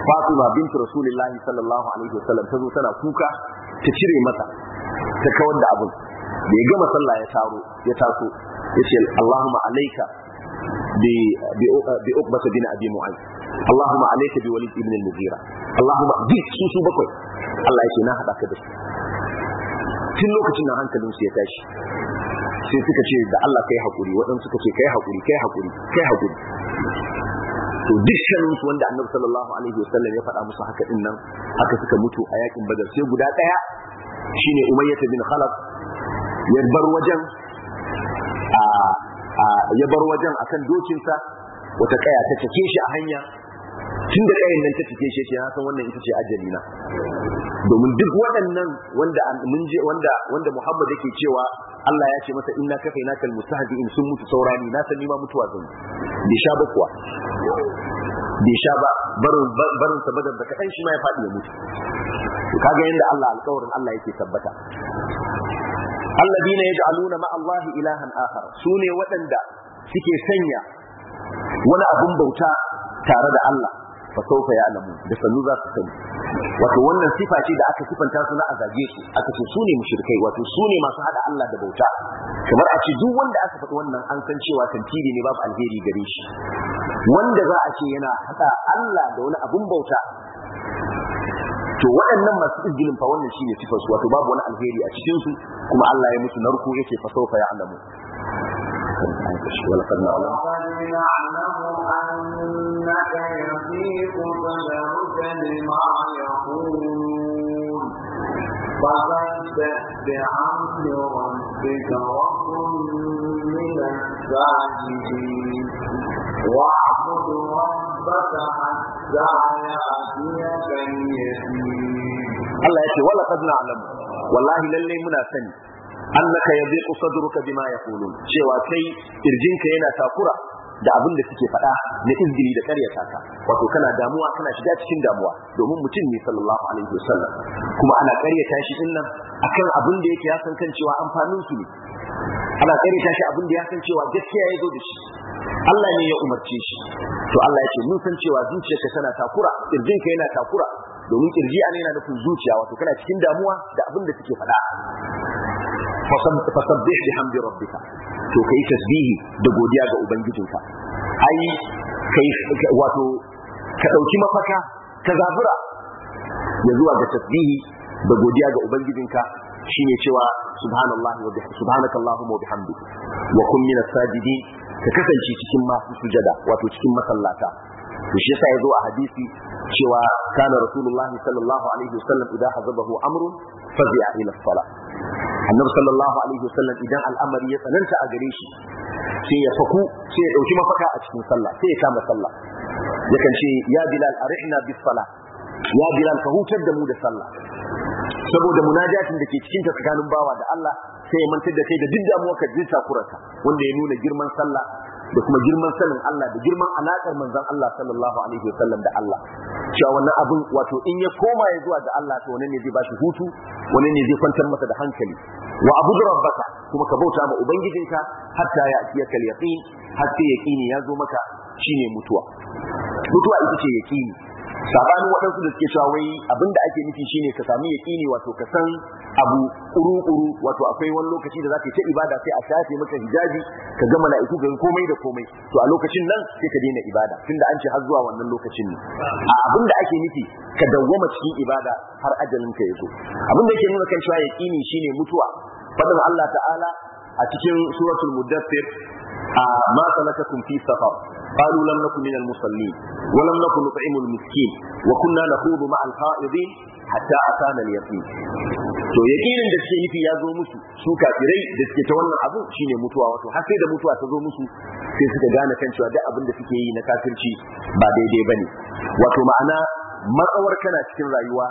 Fatima bint Rasulullah sallallahu alaihi wasallam ta zo tana kuka ta cire masa ta kawar da abin da ya gama sallah ya taro ya taso yace Allahumma alayka bi bi uqbata bin abi mu'ayyid Allahumma alayka bi walid ibn al-mughira Allahumma bi bakwai Allah ya ce na hada ka da su tun lokacin na hankalin su ya tashi sai suka ce da Allah kai hakuri waɗansu suka ce kai kai kai to su wanda Annabi sallallahu alaihi wasallam ya faɗa musu haka din nan haka suka mutu a yakin Badar sai guda ɗaya shine Umayyah bin Khalaf ya bar wajen a ya bar wajen akan dokinsa wata kaya ta take shi a hanya tun da kayan nan ta cike shi na san wannan ita ce ajali na domin duk waɗannan wanda mun je wanda wanda Muhammad yake cewa Allah ya ce masa inna kafa ina kal in sun mutu saurani na san ma mutuwa zan bai sha ba kuwa bai sha ba barin barin sa badar da kadan shi ma ya faɗi ya mutu kaga yanda Allah alƙawarin Allah yake tabbata alladina yaj'aluna ma Allah ilahan akhar sune waɗanda suke sanya wani abin bauta tare da Allah fa sauka ya alamu da sannu za su sani wato wannan sifa ce da aka sifanta su na a zage su aka ce su ne mushrikai wato su ne masu hada Allah da bauta kamar a ce duk wanda aka faɗi wannan an san cewa tantiri ne babu alheri gare shi wanda za a ce yana hada Allah da wani abin bauta to waɗannan masu izgilin fa wannan shine sifar su wato babu wani alheri a cikin su kuma Allah ya musu narko yake fa sauka ya alamu ولقد نعلم أنك يضيق صدرك لما يقول فصدق بحمد ربك وكن من الساجدين واعبد ربك حتى يأتيك اليقين الله يقول ولقد نعلم والله للي منا annaka yadhiqu sadruka bima yaqulun cewa kai irjinka yana takura da abin da suke faɗa na izini da ƙaryata ka wato kana damuwa kana shiga cikin damuwa domin mutum ne sallallahu alaihi wasallam kuma ana ƙaryata shi din nan akan abin da yake ya san kan cewa amfanin su ne ana ƙaryata shi abin da ya san cewa gaskiya ya zo da shi Allah ne ya umarce shi to Allah ya ce mun san cewa zuciyarka tana takura irjinka yana takura domin kirji ana yana nufin zuciya wato kana cikin damuwa da abin da suke faɗa fasabbih bihamdi rabbika to kai tasbihi da godiya ga ubangijinka ai kai wato ka dauki mafaka ka zabura ya zuwa ga tasbihi da godiya ga ubangijinka shine cewa subhanallahi wa bihamdihi Subhanakallahu wa bihamdika wa kun min sajidin ka kasance cikin masu sujada wato cikin masallata to shi yasa zo a hadisi cewa kana rasulullahi sallallahu alaihi wasallam idan hazabahu amrun fazi'a ila salat annabi sallallahu alaihi wasallam idan al'amari ya tsananta a gare shi sai ya faku sai ya dauki mafaka a cikin sallah sai ya kama sallah kan ce ya bilal arihna bis salah ya bilal ka hutar da mu da sallah saboda munajatin da ke cikin ta tsakanin bawa da Allah sai ya mantar da kai da duk damuwar ka jinta kurata wanda ya nuna girman sallah da kuma girman sanin Allah da girman alaƙar manzon Allah sallallahu alaihi wasallam da Allah cewa wannan abin wato in ya koma ya zuwa ga Allah to wani ne zai bashi hutu wani ne zai kwantar masa da hankali wa abudu rabbaka kuma ka bauta ma ubangijinka hatta ya atiya kal yaqin har yaqini ya zo maka shine mutuwa mutuwa ita ce yaqini sabanin waɗansu da suke cewa wai abin da ake nufi shine ka sami yaƙini wato ka san abu kuru-kuru wato akwai wani lokaci da zaka yi ta ibada sai a shafe maka hijabi ka gama mala'iku ga komai da komai to a lokacin nan sai ka daina ibada tun da an ce har zuwa wannan lokacin ne a abin ake nufi ka dawwama cikin ibada har ajalin ka yazo abin da yake nuna kan cewa yaƙini shine mutuwa faɗin Allah ta'ala a cikin suratul a ah, ma salakakum fi safar قالوا لم نكن من المصلين ولم نكن نطعم المسكين وكنا نخوض مع الخائضين حتى أتانا اليقين to yakinin da suke nufi ya zo musu su kafirai da suke ta wannan abu shine mutuwa wato har sai da mutuwa ta zo musu sai suka gane kan cewa duk abin da suke yi na kafirci ba daidai ba ne, wato ma'ana matsawar kana cikin rayuwa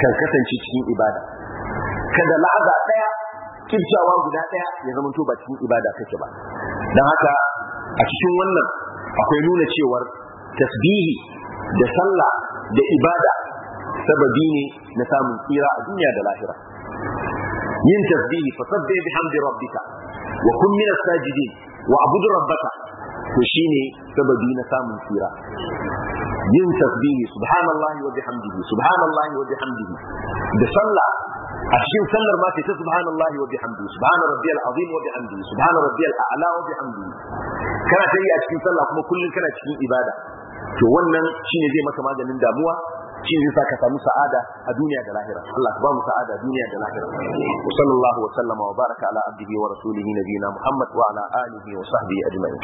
kan kasance cikin ibada kada la'aza daya kirkiyawa guda daya ya zama to ba cikin ibada kake ba dan haka a cikin wannan akwai nuna cewar tasbihi da sallah da ibada sababi ne na samun tsira a duniya da lahira yin tasbihi fa sabbi bihamdi rabbika wa kun min as-sajidin wa abudu rabbaka to shine sababi na samun tsira yin tasbihi subhanallahi wa bihamdihi subhanallahi wa bihamdihi da sallah a cikin sallar ma sai ta subhanallahi wa bihamdihi subhana rabbiyal azim wa bihamdihi subhana rabbiyal a'la wa bihamdihi kana ta yi a cikin sallah kuma kullum kana cikin ibada to wannan shine zai maka maganin damuwa shi zai sa ka samu sa'ada a duniya da lahira Allah ka ba mu sa'ada duniya da lahira wa sallallahu wa sallama wa baraka ala abdihi wa rasulihi nabiyina Muhammad wa ala alihi wa sahbihi ajma'in